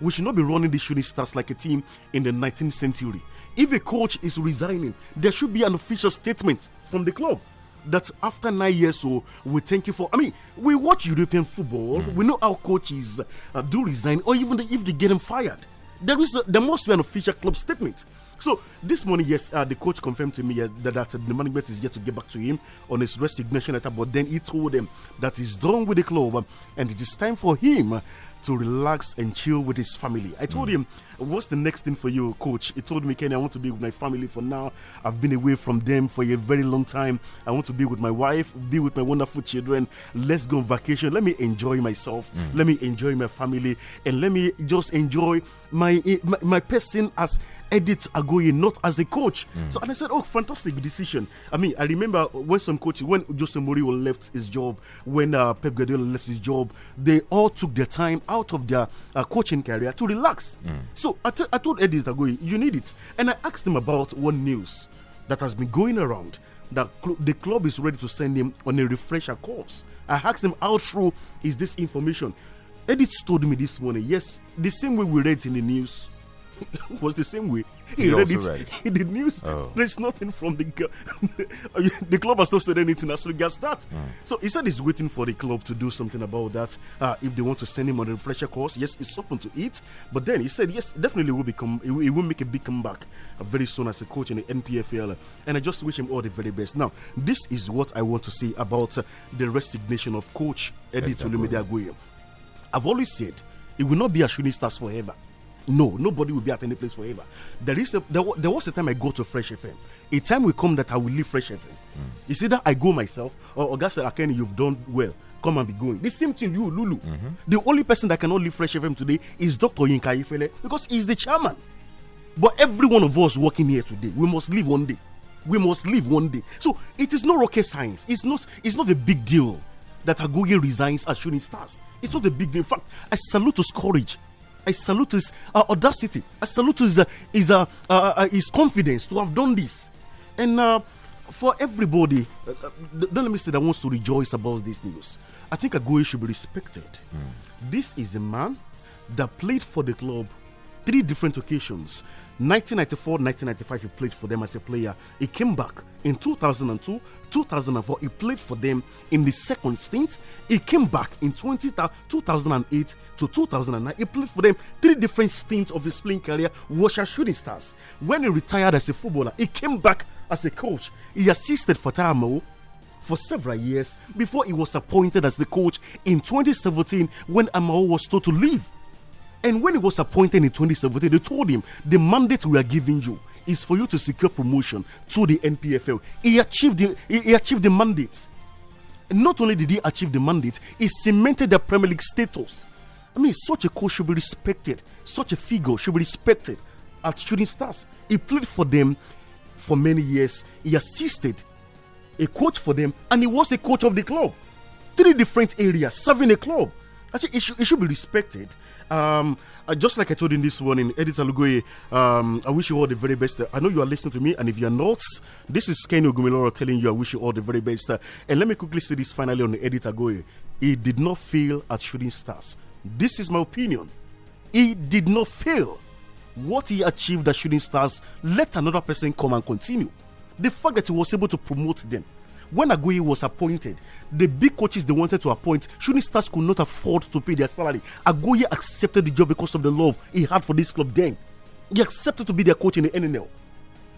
We should not be running the shooting stars like a team in the 19th century. If a coach is resigning, there should be an official statement from the club that after nine years or so, we thank you for. I mean, we watch European football. Mm. We know our coaches uh, do resign, or even if they get them fired. There is the most beneficial club statement. So this morning, yes, uh, the coach confirmed to me that, that uh, the management is yet to get back to him on his resignation letter. But then he told them that he's done with the club uh, and it is time for him uh, to relax and chill with his family. I told mm. him, What's the next thing for you, coach? He told me, Kenny, I want to be with my family for now. I've been away from them for a very long time. I want to be with my wife, be with my wonderful children. Let's go on vacation. Let me enjoy myself. Mm. Let me enjoy my family. And let me just enjoy my, my, my person as Edit Agoye not as a coach. Mm. So and I said, oh, fantastic decision. I mean, I remember when some coaches, when Jose Mourinho left his job, when uh, Pep Guardiola left his job, they all took their time out of their uh, coaching career to relax. Mm. So I, I told Edit Agoye, you need it, and I asked him about one news that has been going around that cl the club is ready to send him on a refresher course. I asked him how true is this information. Edith told me this morning, yes, the same way we read in the news was the same way. He, he read it read. in the news. Oh. There's nothing from the the club has not said anything as regards that. Mm. So he said he's waiting for the club to do something about that. Uh, if they want to send him on a refresher course, yes, it's open to it. But then he said, yes, definitely will become. He will, he will make a big comeback uh, very soon as a coach in the NPFL. And I just wish him all the very best. Now, this is what I want to say about uh, the resignation of coach Eddie exactly. Tulumide I've always said it will not be a shooting stars forever. No, nobody will be at any place forever. There is a, there, there, was a time I go to Fresh FM. A time will come that I will leave Fresh FM. Mm. It's either I go myself or Oga said, Akeni, you've done well. Come and be going. The same thing, you, Lulu. Mm -hmm. The only person that cannot leave Fresh FM today is Dr. Yinka Ifele because he's the chairman. But every one of us working here today, we must leave one day. We must leave one day. So it is not rocket science. It's not. It's not a big deal that Agoye resigns as shooting stars. It's not a big deal. In fact, I salute to courage. I salute his uh, audacity. I salute his, uh, his, uh, uh, uh, uh his confidence to have done this. And for everybody, don't let me say that wants to rejoice about this news. I think Agoye should be respected. Mm. This is a man that played for the club three different occasions. 1994-1995 he played for them as a player. He came back in 2002, 2004 he played for them in the second stint. He came back in 20, 2008 to 2009. He played for them three different stints of his playing career. Washer Shooting Stars. When he retired as a footballer, he came back as a coach. He assisted Fatah Mo for several years before he was appointed as the coach in 2017 when Amao was told to leave and when he was appointed in 2017, they told him the mandate we are giving you is for you to secure promotion to the NPFL. He achieved the, he, achieved the mandate. And not only did he achieve the mandate, he cemented the Premier League status. I mean, such a coach should be respected. Such a figure should be respected at Shooting Stars. He played for them for many years. He assisted a coach for them, and he was a coach of the club. Three different areas, serving a club. I say it should, it should be respected. Um, uh, just like I told in this morning, Editor Lugoye, um, I wish you all the very best. I know you are listening to me, and if you are not, this is Kenny Ogumiloro telling you I wish you all the very best. And let me quickly say this finally on Editor Goye. He did not fail at shooting stars. This is my opinion. He did not fail. What he achieved at shooting stars, let another person come and continue. The fact that he was able to promote them, when Agoye was appointed, the big coaches they wanted to appoint, shooting stars could not afford to pay their salary. Agoye accepted the job because of the love he had for this club then. He accepted to be their coach in the NNL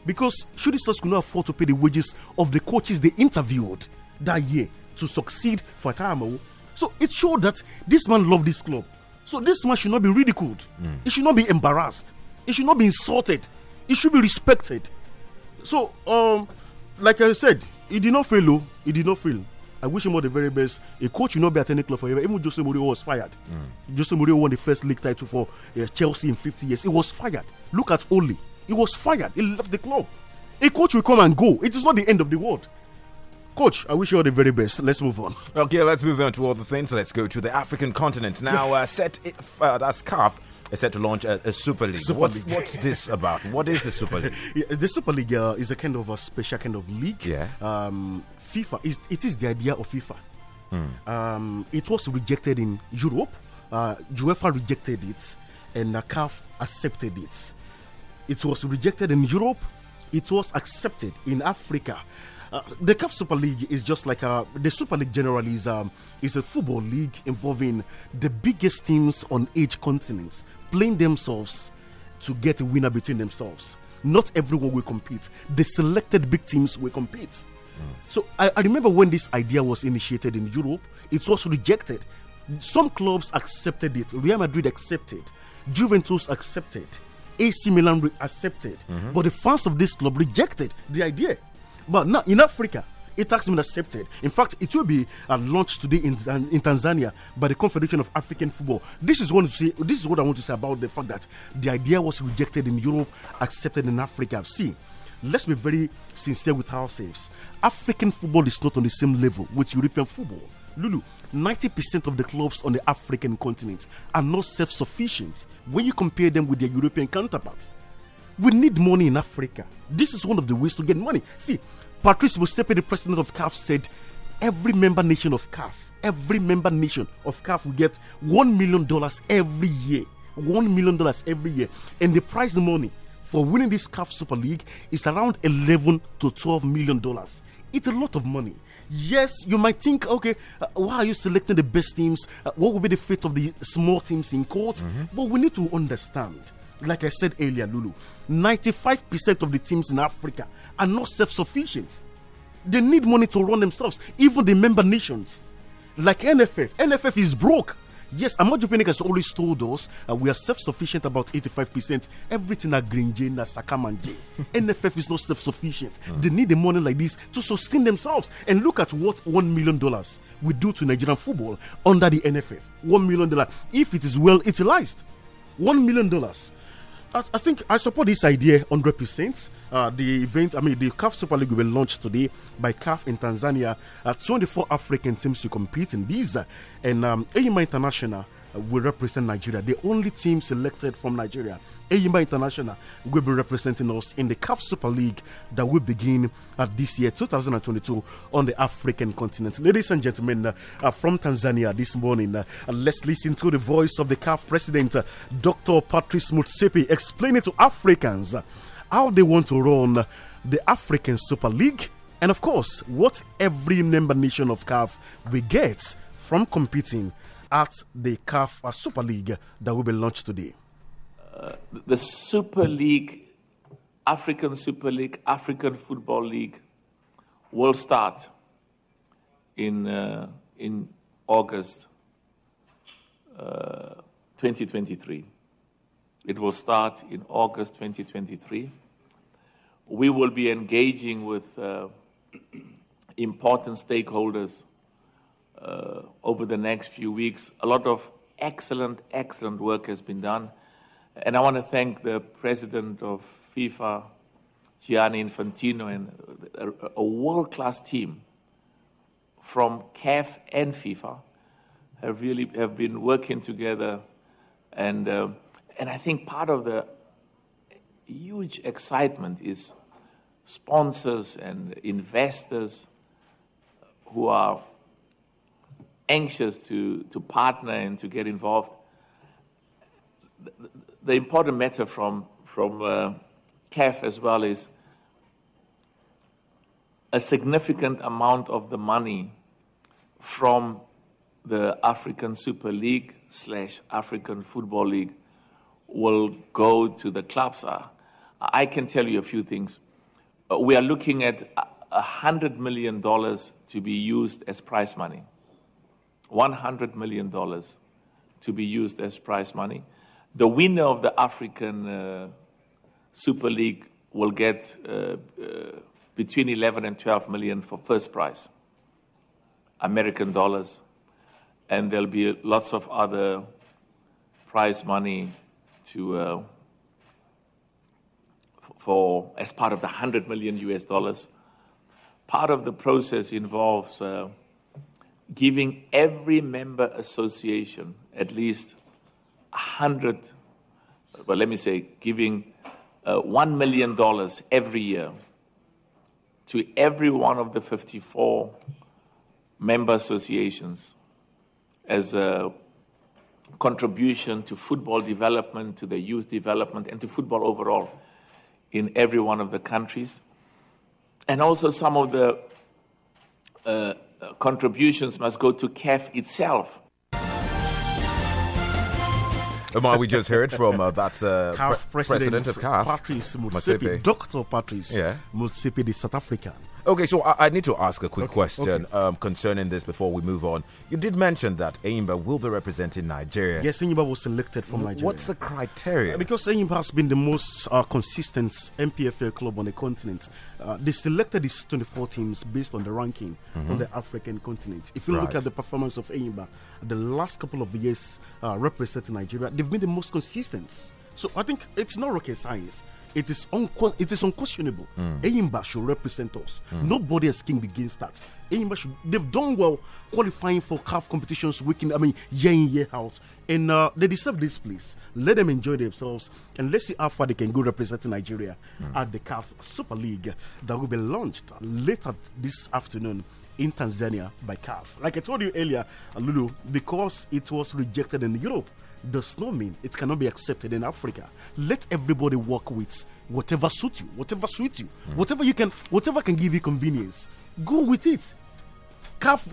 because shooting stars could not afford to pay the wages of the coaches they interviewed that year to succeed Fatamo. So it showed that this man loved this club. So this man should not be ridiculed. Mm. He should not be embarrassed. He should not be insulted. He should be respected. So, um, like I said, he did not fail, oh. He did not fail. I wish him all the very best. A coach will not be at any club forever. Even Jose Mourinho was fired. Mm. Jose Mourinho won the first league title for uh, Chelsea in 50 years. He was fired. Look at Oli. He was fired. He left the club. A coach will come and go. It is not the end of the world. Coach, I wish you all the very best. Let's move on. Okay, let's move on to other things. Let's go to the African continent now. Uh, set uh, that scarf is set to launch a, a Super League. Super what's, League. what's this about? What is the Super League? Yeah, the Super League uh, is a kind of a special kind of league. Yeah. Um, FIFA is it is the idea of FIFA. Mm. Um, it was rejected in Europe. Uh, UEFA rejected it, and uh, CAF accepted it. It was rejected in Europe. It was accepted in Africa. Uh, the CAF Super League is just like a, the Super League generally is, um, is a football league involving the biggest teams on each continent themselves to get a winner between themselves. Not everyone will compete. The selected big teams will compete. Mm. So I, I remember when this idea was initiated in Europe, it was rejected. Some clubs accepted it. Real Madrid accepted. Juventus accepted. AC Milan accepted. Mm -hmm. But the fans of this club rejected the idea. But now in Africa, has been accepted. In fact, it will be uh, launched today in, uh, in Tanzania by the Confederation of African Football. This is, say, this is what I want to say about the fact that the idea was rejected in Europe, accepted in Africa. See, let's be very sincere with ourselves. African football is not on the same level with European football. Lulu, 90% of the clubs on the African continent are not self sufficient when you compare them with their European counterparts. We need money in Africa. This is one of the ways to get money. See, Patrice Musepe, the president of CAF, said every member nation of CAF, every member nation of CAF will get $1 million every year. $1 million every year. And the prize money for winning this CAF Super League is around 11 to 12 million dollars. It's a lot of money. Yes, you might think, okay, uh, why are you selecting the best teams? Uh, what will be the fate of the small teams in court? Mm -hmm. But we need to understand, like I said earlier, Lulu, 95% of the teams in Africa are not self sufficient. They need money to run themselves, even the member nations. Like NFF, NFF is broke. Yes, Amaju Pinnick has always told us uh, we are self sufficient about 85%. Everything at Green Jane, at Sakamanje. NFF is not self sufficient. They need the money like this to sustain themselves. And look at what $1 million we do to Nigerian football under the NFF. $1 million. If it is well utilized, $1 million I, I think I support this idea 100%. Uh, the event, I mean, the CAF Super League will be launched today by CAF in Tanzania. Uh, 24 African teams to compete in these, uh, and um, International uh, will represent Nigeria. The only team selected from Nigeria, Eyimba International, will be representing us in the CAF Super League that will begin at uh, this year, 2022, on the African continent. Ladies and gentlemen, uh, uh from Tanzania this morning, uh, let's listen to the voice of the CAF president, Dr. Patrice Mutsepe, explaining to Africans how they want to run the African Super League. And of course, what every member nation of CAF will get from competing at the CAF uh, Super League that will be launched today? Uh, the Super League, African Super League, African Football League will start in, uh, in August uh, 2023. It will start in August 2023. We will be engaging with uh, important stakeholders uh, over the next few weeks. A lot of excellent, excellent work has been done. And I want to thank the president of FIFA, Gianni Infantino, and a, a world class team from CAF and FIFA have really have been working together. And, uh, and I think part of the huge excitement is sponsors and investors who are anxious to, to partner and to get involved. The, important matter from, from uh, CAF as well is a significant amount of the money from the African Super League slash African Football League will go to the clubs. Uh, I can tell you a few things. Uh, we are looking at $100 million to be used as prize money. $100 million to be used as prize money. The winner of the African uh, Super League will get uh, uh, between 11 and 12 million for first prize, American dollars, and there'll be lots of other prize money to uh, for as part of the 100 million US dollars. Part of the process involves uh, giving every member association at least 100, well, let me say, giving uh, $1 million every year to every one of the 54 member associations as a contribution to football development, to the youth development, and to football overall in every one of the countries. And also some of the uh, contributions must go to CAF itself. Omar, we just heard from uh, that uh, CAF pre- president, president, of CAF, Patrice Motsepe, Dr. Patrice yeah. Motsepe, the South African. Okay, so I, I need to ask a quick okay, question okay. Um, concerning this before we move on. You did mention that Enyimba will be representing Nigeria. Yes, Enyimba was selected from Nigeria. What's the criteria? Uh, because Enyimba has been the most uh, consistent MPFL club on the continent. Uh, they selected these 24 teams based on the ranking mm-hmm. on the African continent. If you right. look at the performance of Enyimba, the last couple of years uh, representing Nigeria, they've been the most consistent. So I think it's not rocket science. It is, it is unquestionable. Mm. Eyimba should represent us. Mm. Nobody has king begins that. Eyimba should, they've done well qualifying for calf competitions week in, I mean, year in, year out. And uh, they deserve this place. Let them enjoy themselves and let's see how far they can go representing Nigeria mm. at the calf Super League that will be launched later this afternoon in Tanzania by CAF. Like I told you earlier, Lulu, because it was rejected in Europe does not mean it cannot be accepted in Africa. Let everybody work with whatever suits you, whatever suits you, mm. whatever you can, whatever can give you convenience. Go with it. Calf,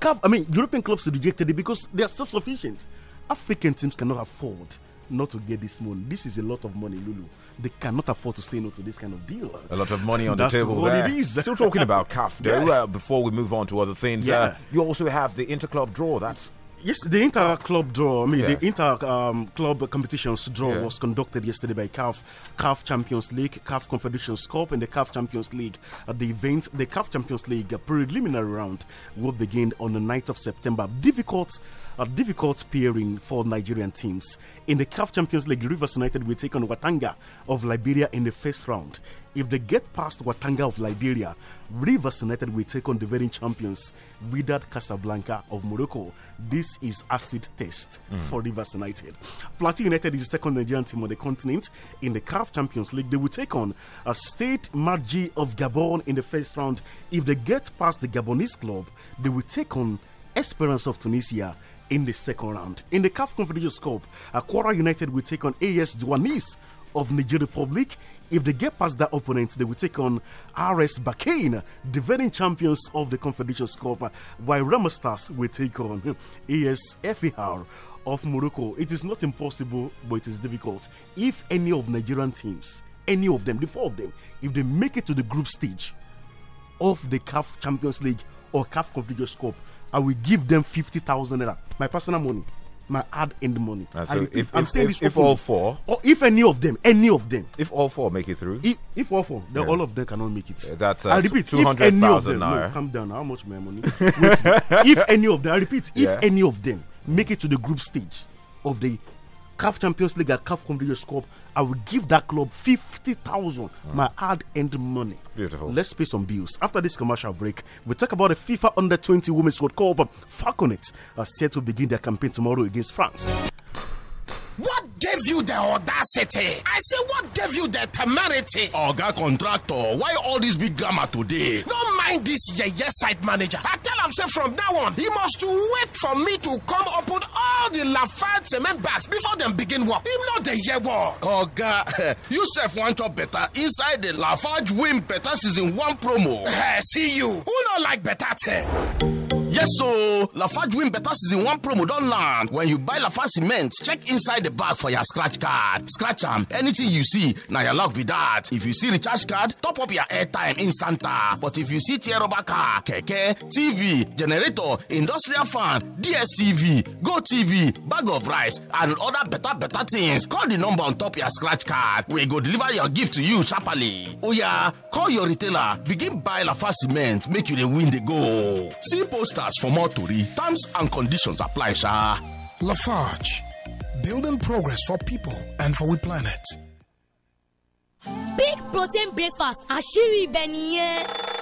calf, I mean, European clubs rejected it because they are self-sufficient. African teams cannot afford not to get this money. This is a lot of money, Lulu. They cannot afford to say no to this kind of deal. A lot of money on the table what there. It is. Still talking about CAF, though, yeah. uh, before we move on to other things. Uh, yeah. Uh, you also have the interclub draw. That's Yes, the Inter club draw, I mean, yes. the Inter um, club competitions draw yes. was conducted yesterday by CAF, CAF Champions League, CAF Confederations Cup, and the CAF Champions League. At the event, the CAF Champions League preliminary round will begin on the 9th of September. Difficult, a difficult pairing for Nigerian teams. In the CAF Champions League, Rivers United will take on Watanga of Liberia in the first round. If they get past Watanga of Liberia, Rivers United will take on the reigning champions, Wydad Casablanca of Morocco. This is acid test mm. for Rivers United. Plateau United is the second Nigerian team on the continent in the CAF Champions League. They will take on a uh, State Marji of Gabon in the first round. If they get past the Gabonese club, they will take on Esperance of Tunisia in the second round. In the CAF Confederation Cup, Aquara uh, United will take on AS Duanis of Niger Republic if they get past that opponent, they will take on RS Bakane, defending champions of the Confederation Cup, while Ramastars will take on AS Efihar of Morocco. It is not impossible, but it is difficult. If any of Nigerian teams, any of them, the four of them, if they make it to the group stage of the CAF Champions League or CAF Confederation Cup, I will give them 50,000 naira, my personal money. My ad end money. Uh, so if, if, I'm saying if, this if all four, or if any of them, any of them, if all four make it through, if, if all four, then yeah. all of them cannot make it. that's uh, I repeat, two hundred thousand No, calm down. How much my money? if any of them, I repeat, if yeah. any of them make it to the group stage of the CAF Champions League at CAF Convenience Cup, I will give that club 50,000, mm. my hard earned money. Beautiful. Let's pay some bills. After this commercial break, we talk about the FIFA Under 20 Women's World Cup. Um, Falconets are set to begin their campaign tomorrow against France. What gave you the audacity? I say, what gave you the temerity? Oga contractor, why all this big grammar today? No mind this yeye site manager. I tell am say from now on, he must wait for me to come open all the Lafayette cement bags before dem begin work. Him no dey hear word. Oga, you sef wan chop beta inside the Lafarge win beta season one promo. Eh, see you, who no like beta thing? Yes, so Lafarge win better season one promo don land. When you buy Lafarge cement, check inside the bag for your scratch card. Scratch am, anything you see, now your luck be that. If you see recharge card, top up your airtime instanta. But if you see tear rubber car, keke, TV, generator, industrial fan, DSTV, Go TV, bag of rice, and other better better things, call the number on top your scratch card. We go deliver your gift to you sharply. Oya, oh yeah, call your retailer, begin buy Lafarge cement, make you dey win the goal. See posters for more Tori. Terms and conditions apply, sha. Lafarge, building progress for people and for the planet. Big protein breakfast, Ashiri ibẹ̀ nìyẹn.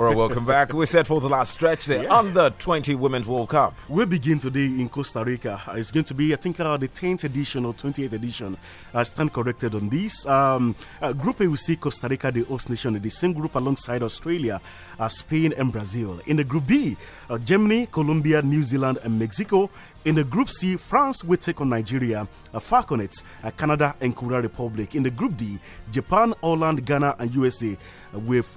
All right, welcome back. We're set for the last stretch there. Yeah. the 20 Women's World Cup. We begin today in Costa Rica. Uh, it's going to be, I think, uh, the 10th edition or 28th edition. I stand corrected on this. Um, uh, group A, we see Costa Rica, the host nation, in the same group alongside Australia uh, Spain, and Brazil. In the Group B, uh, Germany, Colombia, New Zealand, and Mexico. In the Group C, France will take on Nigeria, uh, Falconets, uh, Canada, and Korea Republic. In the Group D, Japan, Holland, Ghana, and USA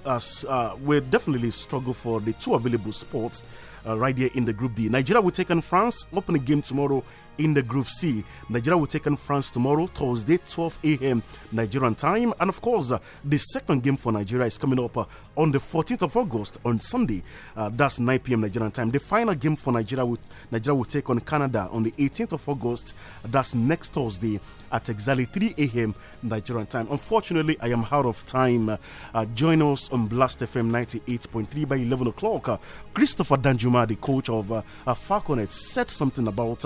us, uh, uh, uh, will definitely struggle for the two available spots. Uh, right here in the Group D. Nigeria will take on France, opening game tomorrow in the Group C. Nigeria will take on France tomorrow, Thursday, 12 a.m. Nigerian time. And of course, uh, the second game for Nigeria is coming up uh, on the 14th of August on Sunday. Uh, that's 9 p.m. Nigerian time. The final game for Nigeria will, Nigeria will take on Canada on the 18th of August. That's next Thursday at exactly 3 a.m. Nigerian time. Unfortunately, I am out of time. Uh, join us on Blast FM 98.3 by 11 o'clock. Uh, Christopher Danjuma, the coach of uh, uh Falconet, said something about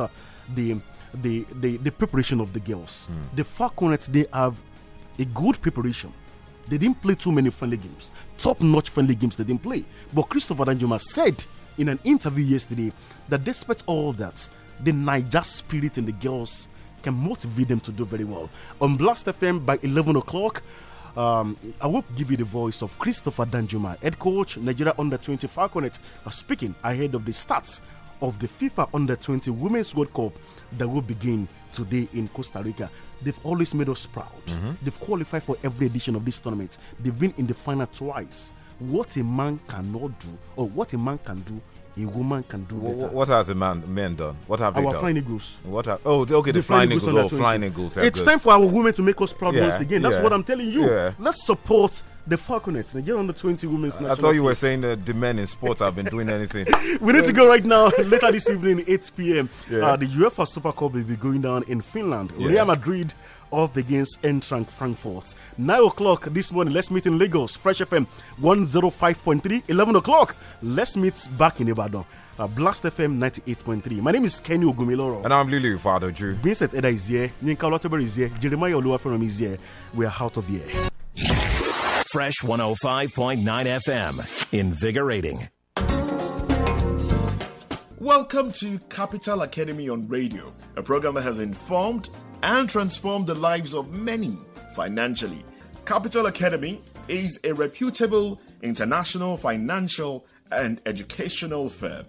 the the the, the preparation of the girls. Mm. The Falconets they have a good preparation. They didn't play too many friendly games, top-notch friendly games they didn't play. But Christopher Danjuma said in an interview yesterday that despite all that, the Niger spirit in the girls can motivate them to do very well. On Blast FM by 11 o'clock, um, I will give you the voice of Christopher Danjuma, head coach, Nigeria under Twenty Five. Falconet, uh, speaking ahead of the stats of the FIFA Under 20 Women's World Cup that will begin today in Costa Rica. They've always made us proud. Mm -hmm. They've qualified for every edition of this tournament. They've been in the final twice. What a man cannot do, or what a man can do, a woman can do better. What has the man men done? What have they our done? Flying Eagles. What oh okay the, the flying, flying Eagles, oh, flying Eagles. It's good. time for our women to make us proud yeah, once again. That's yeah, what I'm telling you. Yeah. Let's support the Falconets, Nigeria under 20 women's I, I thought you team. were saying that uh, the men in sports have been doing anything. we need to go right now. Later this evening, 8 p.m., yeah. uh, the UEFA Super Cup will be going down in Finland. Yeah. Real Madrid up against Eintracht Frankfurt. 9 o'clock this morning, let's meet in Lagos, Fresh FM 105.3. 11 o'clock, let's meet back in Ibadan. Uh, Blast FM 98.3. My name is Kenny Ogumiloro. And I'm Lily Father Drew. Vincent Eda is here. Ninka Lotteberry is here. Jeremiah Oluwafenum is here. We are out of here. Fresh 105.9 FM. Invigorating. Welcome to Capital Academy on Radio, a program that has informed and transformed the lives of many financially. Capital Academy is a reputable international financial and educational firm.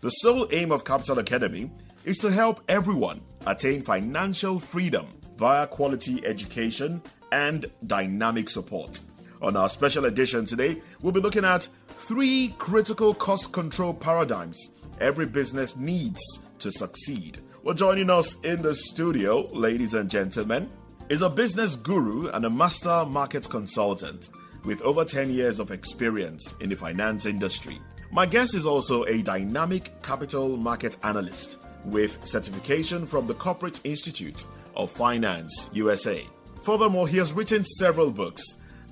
The sole aim of Capital Academy is to help everyone attain financial freedom via quality education and dynamic support. On our special edition today, we'll be looking at three critical cost control paradigms every business needs to succeed. Well, joining us in the studio, ladies and gentlemen, is a business guru and a master market consultant with over 10 years of experience in the finance industry. My guest is also a dynamic capital market analyst with certification from the Corporate Institute of Finance USA. Furthermore, he has written several books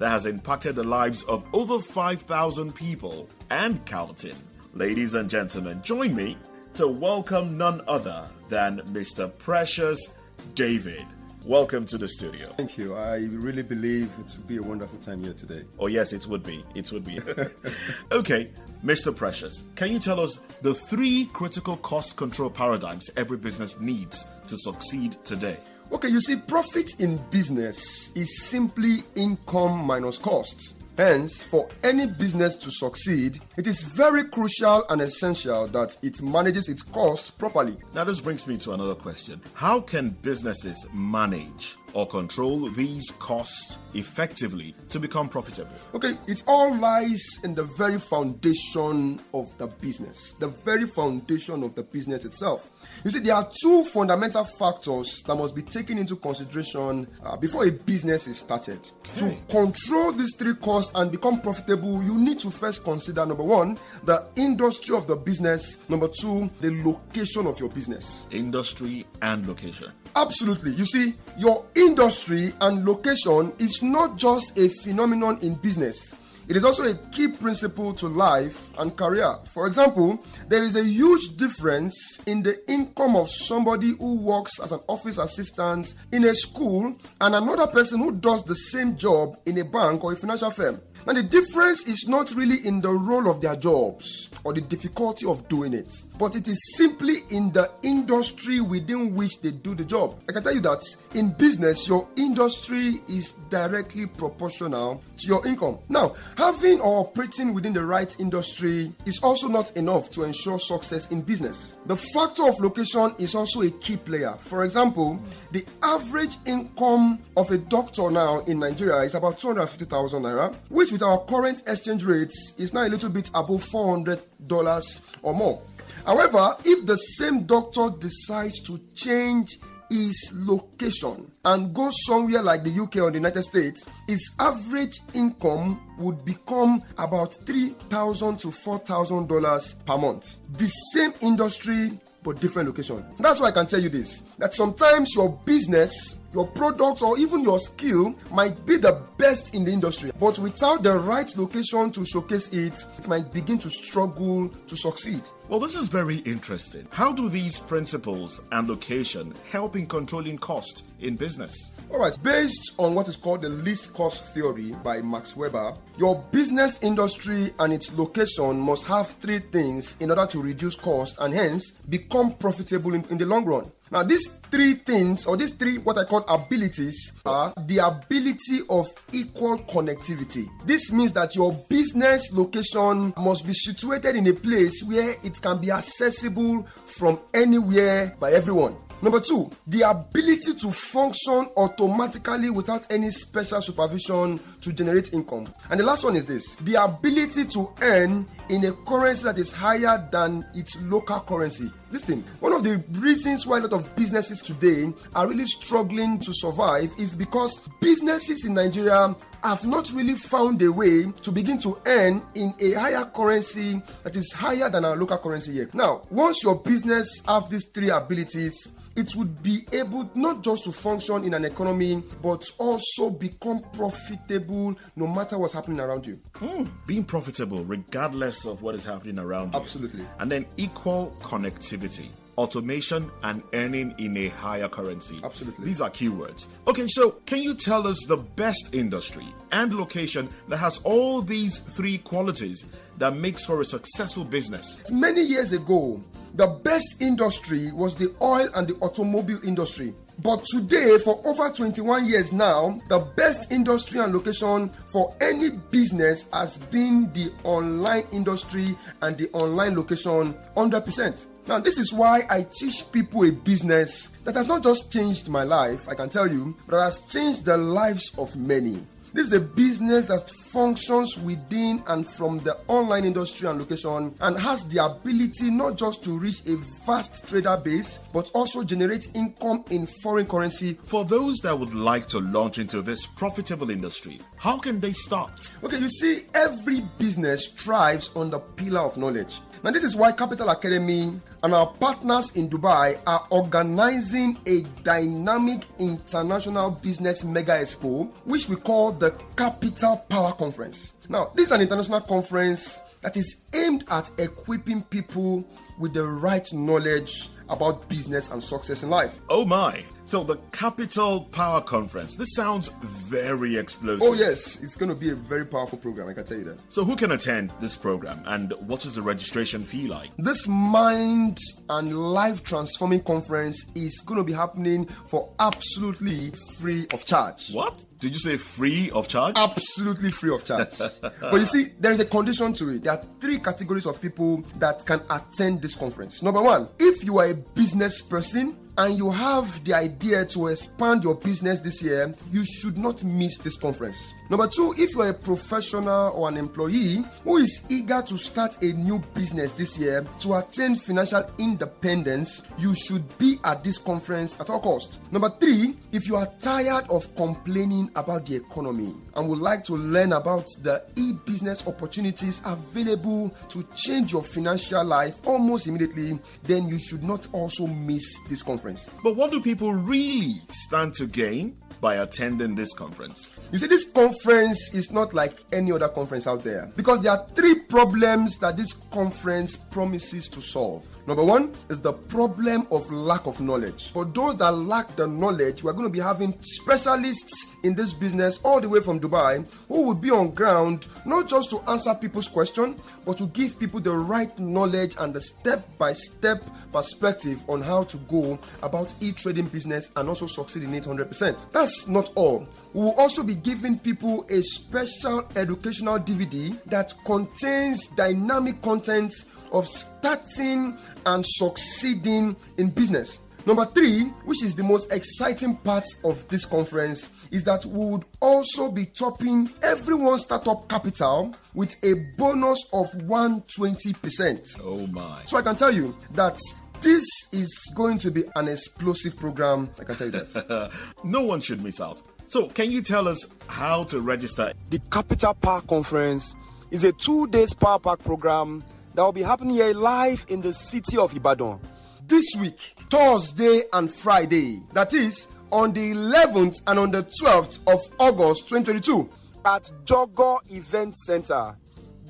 that has impacted the lives of over 5,000 people and counting. Ladies and gentlemen, join me to welcome none other than Mr. Precious David. Welcome to the studio. Thank you. I really believe it will be a wonderful time here today. Oh, yes, it would be. It would be. okay, Mr. Precious, can you tell us the three critical cost control paradigms every business needs to succeed today? Okay, you see, profit in business is simply income minus costs. Hence, for any business to succeed, it is very crucial and essential that it manages its costs properly. Now, this brings me to another question How can businesses manage or control these costs effectively to become profitable? Okay, it all lies in the very foundation of the business, the very foundation of the business itself. You see, there are two fundamental factors that must be taken into consideration uh, before a business is started. Okay. To control these three costs and become profitable, you need to first consider number one, the industry of the business, number two, the location of your business. Industry and location. Absolutely. You see, your industry and location is not just a phenomenon in business. It is also a key principle to life and career. For example, there is a huge difference in the income of somebody who works as an office assistant in a school and another person who does the same job in a bank or a financial firm. Now, the difference is not really in the role of their jobs or the difficulty of doing it, but it is simply in the industry within which they do the job. I can tell you that in business, your industry is directly proportional to your income. Now, having or operating within the right industry is also not enough to ensure success in business. The factor of location is also a key player. For example, the average income of a doctor now in Nigeria is about 250,000 naira, which with our current exchange rates, is now a little bit above four hundred dollars or more. However, if the same doctor decides to change his location and go somewhere like the UK or the United States, his average income would become about three thousand to four thousand dollars per month. The same industry but different location. That's why I can tell you this that sometimes your business, your product, or even your skill might be the best in the industry, but without the right location to showcase it, it might begin to struggle to succeed. Well, this is very interesting. How do these principles and location help in controlling cost in business? Alright, based on what is called the least cost theory by Max Weber, your business industry and its location must have three things in order to reduce cost and hence become profitable in, in the long run. Now, these three things, or these three what I call abilities, are the ability of equal connectivity. This means that your business location must be situated in a place where it can be accessible from anywhere by everyone. Number two, the ability to function automatically without any special supervision to generate income. And the last one is this the ability to earn in a currency that is higher than its local currency. Listen, one of the reasons why a lot of businesses today are really struggling to survive is because businesses in Nigeria have not really found a way to begin to earn in a higher currency that is higher than our local currency here. Now, once your business have these three abilities, it would be able not just to function in an economy but also become profitable no matter what's happening around you. Mm. Being profitable regardless of what is happening around Absolutely. you. Absolutely. And then equal connectivity automation and earning in a higher currency. Absolutely. These are keywords. Okay, so can you tell us the best industry and location that has all these three qualities that makes for a successful business? Many years ago, the best industry was the oil and the automobile industry. But today, for over 21 years now, the best industry and location for any business has been the online industry and the online location 100%. Now, this is why I teach people a business that has not just changed my life, I can tell you, but has changed the lives of many. This is a business that functions within and from the online industry and location and has the ability not just to reach a vast trader base but also generate income in foreign currency. For those that would like to launch into this profitable industry, how can they start? Okay, you see, every business thrives on the pillar of knowledge. Now, this is why Capital Academy and our partners in Dubai are organizing a dynamic international business mega expo, which we call the Capital Power Conference. Now, this is an international conference that is aimed at equipping people with the right knowledge about business and success in life. Oh, my. So the Capital Power Conference. This sounds very explosive. Oh yes, it's going to be a very powerful program. I can tell you that. So who can attend this program, and what is the registration fee like? This mind and life transforming conference is going to be happening for absolutely free of charge. What? Did you say free of charge? Absolutely free of charge. but you see, there is a condition to it. There are three categories of people that can attend this conference. Number one, if you are a business person and you have the idea to expand your business this year, you should not miss this conference. Number two, if you are a professional or an employee who is eager to start a new business this year to attain financial independence, you should be at this conference at all cost. Number three, if you are tired of complaining about the economy and would like to learn about the e-business opportunities available to change your financial life almost immediately, then you should not also miss this conference. But what do people really stand to gain? by attending this conference. You see, this conference is not like any other conference out there because there are three problems that this conference promises to solve. Number one is the problem of lack of knowledge. For those that lack the knowledge, we're going to be having specialists in this business all the way from Dubai who will be on ground not just to answer people's question, but to give people the right knowledge and the step-by-step perspective on how to go about e-trading business and also succeed in eight hundred percent That's not all. We will also be giving people a special educational DVD that contains dynamic contents of starting and succeeding in business. Number three, which is the most exciting part of this conference, is that we would also be topping everyone's startup capital with a bonus of 120%. Oh my. So I can tell you that this is going to be an explosive program. I can tell you that. no one should miss out. So, can you tell us how to register? The Capital Park Conference is a two day Power Park program that will be happening here live in the city of Ibadan. This week, Thursday and Friday, that is on the 11th and on the 12th of August 2022 at Jogo Event Center.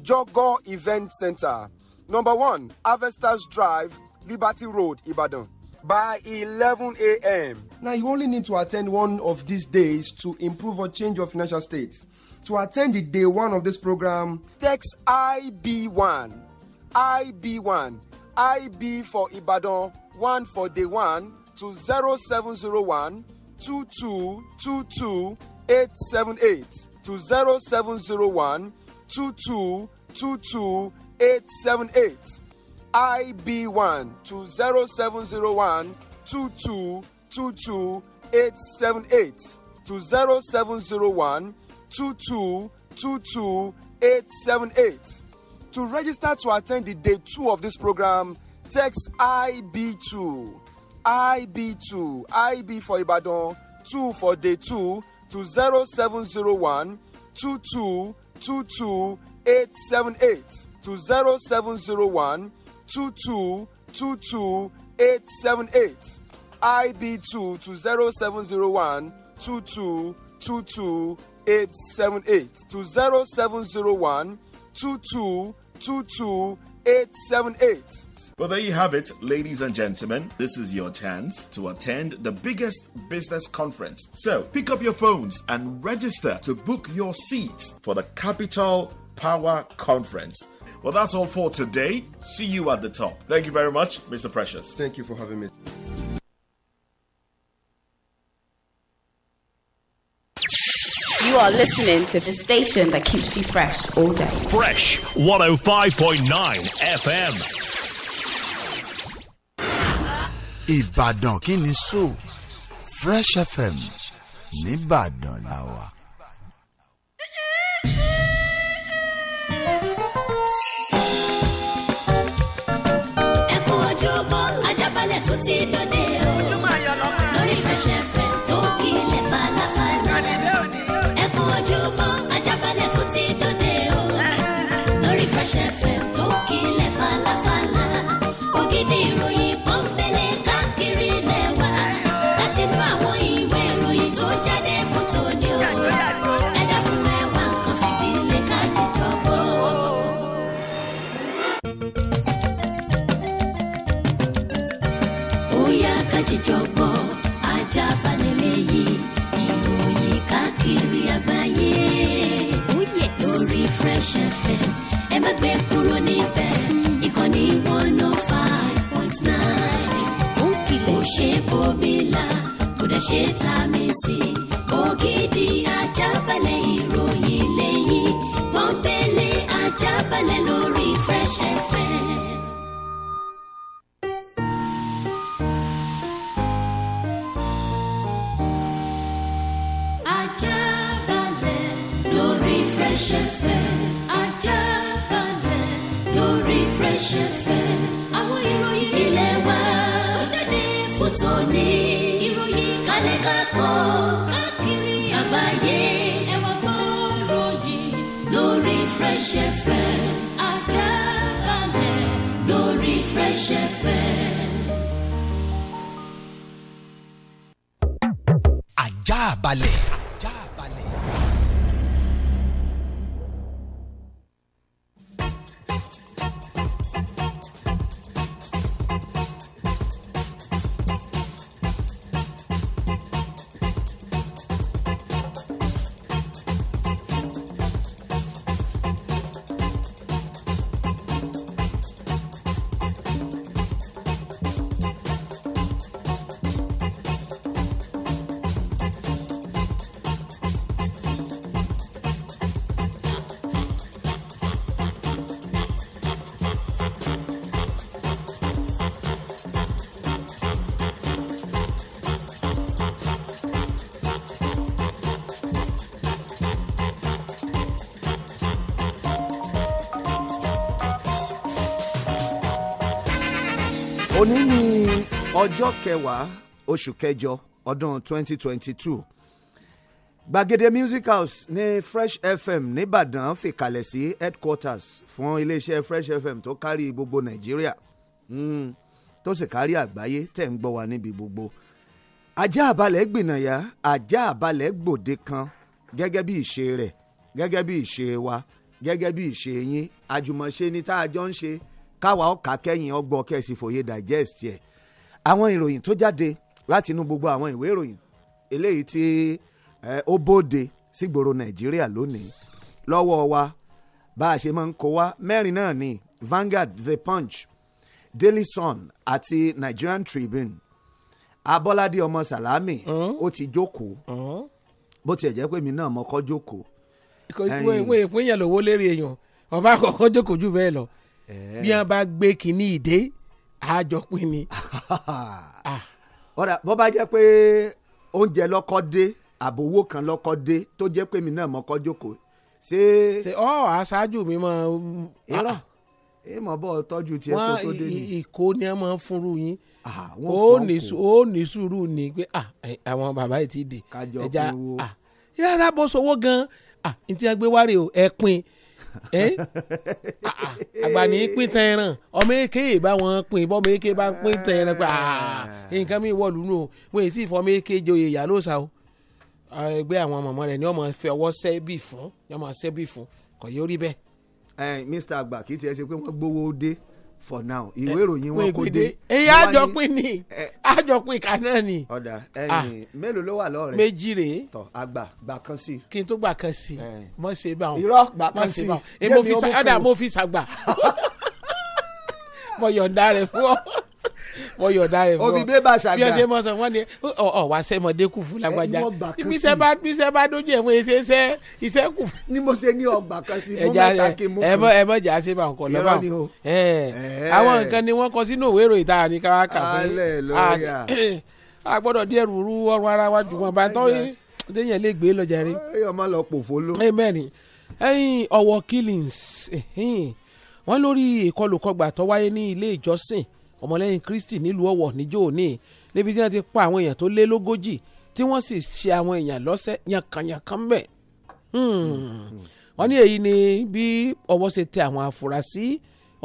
Jogo Event Center. Number 1, Avestas Drive, Liberty Road, Ibadan by 11 a.m. Now, you only need to attend one of these days to improve or change your financial state. To attend the day one of this program, text IB1 IB1, IB for Ibadan, 1 for day 1 to 0701 2222 878 to 0701 2222 878 IB1 to 0701 2222 878 to 0701 2222 878 To register to attend the day two of this program, text IB2, IB2, IB for Ibadan, 2 for day 2 to 0701 22 22 878 to 0701 22 22 878 IB2 to 0701 22 22 878 to 0701 22 878. Well, there you have it, ladies and gentlemen. This is your chance to attend the biggest business conference. So pick up your phones and register to book your seats for the Capital Power Conference. Well, that's all for today. See you at the top. Thank you very much, Mr. Precious. Thank you for having me. are listening to the station that keeps you fresh all day. Fresh 105.9 FM. Ibadan kini so Fresh FM nìbàdàn la wà. ẹkún ojúbọ ajábalẹ̀ tó ti dòde. Fresh FM. ṣe bòmílà kò dẹ̀ ṣe ta mi sí i ògidì ajábalẹ̀ ìròyìn lẹ́yìn pọ́npẹ́lẹ́ ajábalẹ̀ lórí Fresh FM. vale. òní ni ọjọ́ kẹwàá oṣù kẹjọ ọdún 2022 gbàgede music house ní fresh fm nìbàdàn fìkàlẹ̀ sí headquarters fún iléeṣẹ́ fresh fm tó kárí gbogbo nàìjíríà mm. tó sì kárí àgbáyé tẹ̀ ń gbọ́ wa níbi gbogbo ajá àbálẹ̀ gbìnàyà ajá àbálẹ̀ gbòde kan gẹ́gẹ́ bí ìṣe rẹ̀ gẹ́gẹ́ bí ìṣe wa gẹ́gẹ́ bí ìṣe yín àjùmọ̀ṣe ni tá a jọ ń ṣe káwa ọ̀ka kẹ́yìn ọgbọ́n kẹ́sì fòye digest yẹ àwọn ìròyìn tó jáde láti inú gbogbo àwọn ìwé ìròyìn eléyìí tí ó bóde sígboro nàìjíríà lónìí lọ́wọ́ wa bá a ṣe máa ń kó wa mẹ́rin náà ni Vanguard The Punch Daily Sun àti Nigerian Tribune Abọ́ládé ọmọ Sàlámì hmm? ó ti jókòó hmm? bó tiẹ̀ jẹ́ pé mi náà mọ́kọ́ jókòó. ìwé ìpínyẹ̀ lówó lérí èèyàn ọba àkọ́kọ́ jókòó jù bẹ́ẹ̀ lọ bí wọn bá gbé kínní ìdè àjọpín ni. Ah. ọ̀rẹ́ bó bá jẹ́ pé oúnjẹ lọ́kọ́ dé àbòwò kan lọ́kọ́ dé tó jẹ́ pé mi náà mọ́kọ́ jókòó ṣé. ṣe ọ aṣáájú mi mọ. Mm, irọ́ èèmọ̀ ah. bọ́ tọ́jú tiẹ̀ kó tó dé ni. wọ́n ìkó ni wọ́n máa ń fúnru yín ah, ó ní sùúrù ni pé àwọn bàbá yìí ti dè ẹja rárá bó sowó gan-an ntí wọ́n gbé wárè o ẹ pin. Eh? Ah, àgbà ní pín tẹ ẹran ọmọ èké bá wọn pín bọ́mọ èké bá pín tẹ ẹran pé ah, nǹkan mi wọ̀ lùnú o wọ́n èsì ìfọmọ èké joyè ìyá ló sá o ẹgbẹ́ àwọn mọ̀mọ́ rẹ̀ ni ọmọ fi ọwọ́ sẹ́bì fún ọmọ sẹ́bì fún kò yóò rí bẹ́ẹ̀. Eh, Mr. Àgbà kì í tiẹ̀ ṣe pé wọ́n gbowó dé for now eh, ìwé ìròyìn wọn kò dé. èyí eh, àjọpín ni eh, àjọpín kan náà ni. ọ̀dà ẹ̀yìn ah. mélòó ló wà lọ́ọ̀rẹ́. méjì rèé. tọ́ àgbà gbà kan sí. kí n tó gbà kan sí mọ̀ ṣe bá wọn. irọ́ gbà kan sí yé mi ó mú kúrò. ọ̀dà mo fi ṣàgbà mo yọ̀ǹda rẹ̀ fún ọ wọ́n yọ̀dá ẹ̀ fún ọ òbí bébà ṣàgbà bí ọ mọ sọ wọ́n ni ọ ọ wá sẹ́mọdé kù fún lágbájá bíṣẹ́ bá bíṣẹ́ bá dójú ẹ̀ fún iṣẹ́ iṣẹ́ iṣẹ́ kù. ni mo ṣe ní ọgbà kan sí mo kí mo kù ẹ mọ ẹ mọ jà ṣe bá nǹkan lọ́wọ́ àwọn nǹkan ni wọ́n kọ sínú òwe ìròyìn tá a ní káwá kà fún a gbọ́dọ̀ díẹ̀ rúurú ọrùn ara wa jù wọn bá tọ́ déyẹn lórí ìkọlùkọgbà tó wáyé ní ilé ìjọsìn ọmọlẹ́yìn Kristi nílùú Ọ̀wọ̀ níjó òní níbi tí wọ́n ti pa àwọn èèyàn tó lé lógójì tí wọ́n sì ṣe àwọn èèyàn lọ́sẹ̀ yankanyankan mbẹ̀. Hmm. wọ́n ní èyí ni bí ọwọ́ ṣe tẹ àwọn afurasí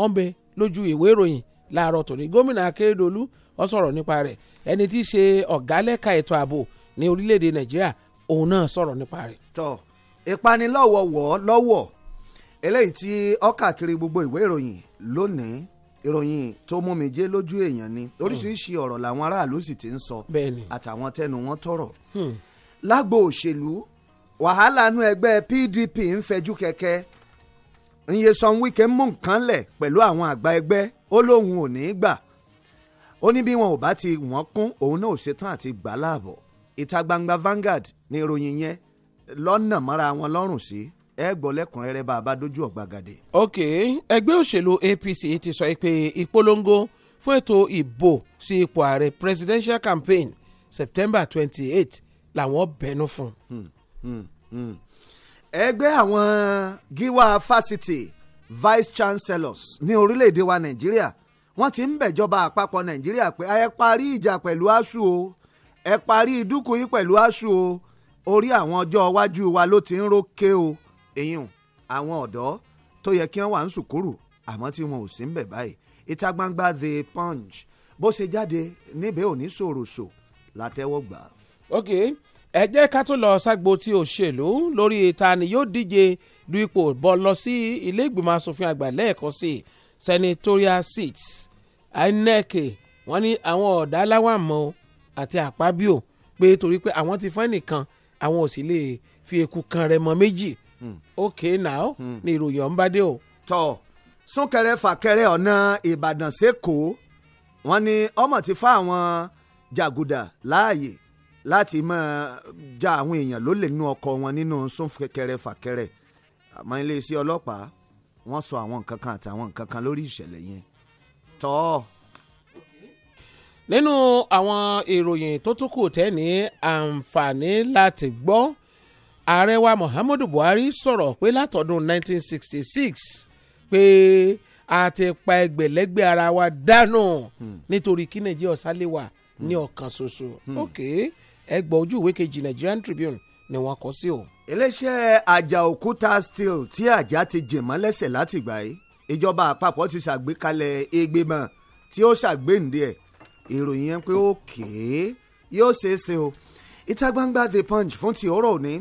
ọ̀nbẹ lójú ìwé ìròyìn láàárọ̀ tòní gómìnà Akérèdọ́lù ó sọ̀rọ̀ nípa rẹ̀ ẹni tí í ṣe ọ̀gá lẹ́ka ètò ààbò ní orílẹ̀-èdè Nàìjíríà òun náà sọ̀rọ̀ nípa rẹ̀. tọ́ ìpanilọ́wọ̀wọ̀ lọ́wọ̀ eléyìí tí ó káàkiri gbogbo ìwé ìròyìn lónìí ìròyìn tó mú mi jẹ́ lójú èèyàn ni hmm. oríṣiríṣi ọ̀rọ̀ làwọn aráàlú sì ti ń sọ àtàwọn tẹnu wọn tọrọ. Hmm. lágbo òṣèlú wàhálà inú ẹgbẹ́ PDP ń fẹjú kẹ̀kẹ́ Nyesom Wike mú nǹkan lẹ̀ pẹ̀lú àwọn àgbà ẹgbẹ́ ó lóun ò ní í gbà ó ní bí wọn ò bá ti wọ́n kún òun náà ò ṣetán àti gbà láàbọ̀ ìta gbangba Vanguard ni ìròyìn yẹn lọ́nà mọ́ra wọn lọ́rùn sí. Si ẹ gbọ́ lẹ́kùnrẹ́rẹ́ bá a bá dójú ọ̀gbagadè. ok ẹgbẹ́ òṣèlú APC ti sọ pé ìpolongo fún ètò ìbò sí ipò ààrẹ presidential campaign September twenty eight làwọn bẹnu fún. Hmm, hmm, hmm. ẹgbẹ́ àwọn gíwá fásitì vice chancellors ní orílẹ̀-èdè wa Nàìjíríà wọ́n ti ń bẹ̀jọba àpapọ̀ Nàìjíríà pé ẹ parí ìjà pẹ̀lú ASUU o ẹ parí ìdúkùú yìí pẹ̀lú ASUU o orí àwọn ọjọ́ iwájú wa ló ti ń rókè o eyín àwọn ọ̀dọ́ tó yẹ kí wọ́n wà ń sùkúrù àmọ́ tí wọn ò sí ń bẹ̀ báyìí ìta gbangba the punch bó ṣe jáde níbẹ̀ ò ní sòròsò látẹ́wọ́ gbà. ok ẹ jẹ́ ká tó lọ ságbo tí òṣèlú lórí ìta ni yóò díje du ipò bọ́ lọ sí ilé ìgbìmọ̀ asòfin àgbà lẹ́ẹ̀kan sí senatorial seats inec wọ́n ní àwọn ọ̀dà aláwàmọ́ àti àpábíò pé torí pé àwọn ti fẹ́ nìkan àwọn ò sì lè fi eku kan rẹ̀ mọ́ méjì okay now hmm. ni ìròyìn ọ̀hún bá dé o. tọ́ súnkẹrẹ fàkẹrẹ ọ̀nà ìbàdàn sẹ́kọ̀ọ́ wọ́n ní ọmọ ti fa àwọn jàgùdà láàyè láti máa ja àwọn èèyàn lólè nínú ọkọ̀ wọn nínú súnkẹrẹ fàkẹrẹ àmọ́ iléeṣẹ́ ọlọ́pàá wọ́n sọ àwọn nǹkan kan àtàwọn nǹkan kan lórí ìṣẹ̀lẹ̀ yẹn tọ́. nínú àwọn ìròyìn tó tún kù tẹ́ ní àǹfààní láti gbọ́ ààrẹ wa Muhammadu Buhari sọ̀rọ̀ pé látọdún 1966 pé a ti pa ẹgbẹ̀lẹ́gbẹ̀ ara wa dànù hmm. nítorí kí Nàìjíríà ọ̀sálẹ̀ wà ní hmm. ọ̀kan ṣoṣo hmm. ok ẹgbọ̀n ojú ìwé kejì Nigerian Tribune ni wọ́n kọ sí o. iléeṣẹ́ àjà òkúta steel tí àjà ti jè mọ́ lẹ́sẹ̀ látìgbà yìí ìjọba àpapọ̀ ti ṣàgbékalẹ̀ ìgbìmọ̀ tí ó ṣàgbéǹde ẹ̀ ìròyìn yẹn pé ó kéé yóò ṣeé ṣe o ìta gbangba the punch fún ti ọ̀rọ̀ òní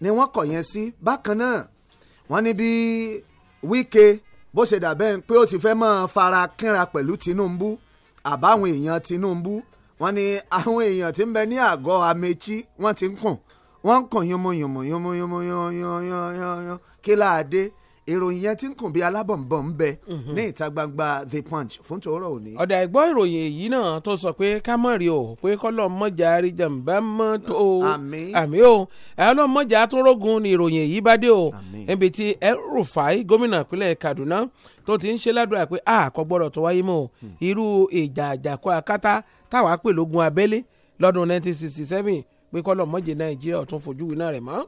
ni wọ́n kọ̀ yẹn sí bákan náà wọ́n ní bí Wike bó ṣe dàbẹ́ pé ó ti fẹ́ máa fara kínra pẹ̀lú Tinubu àbáwọn èèyàn Tinubu wọ́n ní àwọn èèyàn tí ń bẹ ní àgọ́ Amechi wọ́n ti ń kùn wọ́n ń kùn yánmọ́ yánmọ́ yánmọ́ yánmọ́ yánmọ́ yánmọ́ yánmọ́ kí láàdé ìròyìn yẹn ti ń kùn bí alábọ̀nbọ̀n ń bẹ mhm. ní ìta gbangba the punch fún tòórọ́ òní. ọ̀dà ìgbọ́ ìròyìn èyí náà tó sọ pé ká mọ̀ rí o pé kọ́lọ̀ mọ̀jà àríjàmbá mọ́ tó o àmì o àlọ́ tó rógun ni ìròyìn èyí bá dé o níbi tí el gómìnà ìpínlẹ̀ Kaduna tó ti ń ṣe ládùúrà pé àkọ́ gbọ́dọ̀ tó wáyé mọ́ hmm. irú ìjà àjàkọ́ akátá táwa pè lógun abẹ́lé lọ́dún 1967 pé kọ́lọ̀ mọ̀jẹ̀ Nàìjíríà ọ̀tún fojú winá rẹ̀ mọ́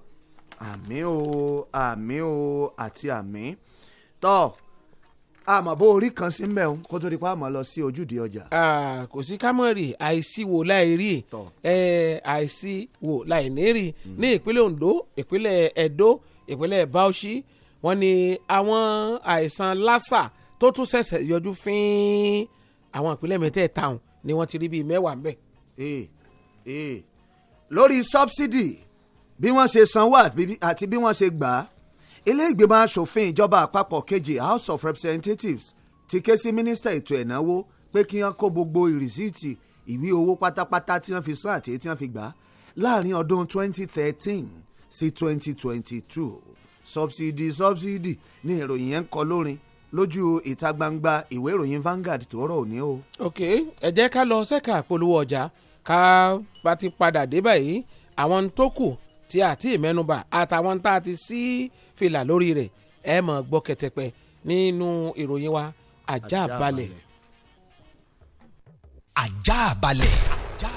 àmín o àmín o àti àmín tọ́ àmọ́ bó orí kan sí mbẹ́ òun kó tó di pa àmọ́ lọ sí ojúde ọjà. kò sí kámọ́rì àìsí wò láì rí àìsí wò láì ní rí hmm. ní ìpínlẹ̀ Ondo ìpínlẹ̀ Edo ìpínlẹ̀ Bauchi wọ́n ní àwọn àìsàn lásà tó tún ṣẹ̀ṣẹ̀ yọjú fín àwọn ìpínlẹ̀ mẹ́tẹ̀ẹ̀ta ni wọ́n ti rí bíi mẹ́wàá ń bẹ̀. Eh, eh. lórí subsidy bí wọ́n ṣe sanwó àti bí wọ́n ṣe gbà á ilé ìgbìmọ̀ asòfin ìjọba àpapọ̀ kejì house of representatives ti ké sí mínísítà ètò ẹ̀náwó pé kí wọ́n kó gbogbo rìsíìtì ìwé owó pátápátá tí wọ́n fi san àti tí wọ́n fi gbà á láàrin ọdún 2013 sí 2022 subsidy subsidy ni ìròyìn yẹn ń kọ lórin lójú ìta gbangba ìwé ìròyìn Vanguard tó rọ̀ òní o. ok ẹ jẹ́ ká lọ sẹ́ka àpolówó ọjà ká bá ti padà dé báyìí àwọn tó kù tí a ti mẹ́nubà àtàwọn tá a ti sí fìlà lórí rẹ̀ ẹ mọ̀ gbọ́ kẹtẹpẹ nínú ìròyìn wa ajá balẹ̀. ajá balẹ̀. ajá balẹ̀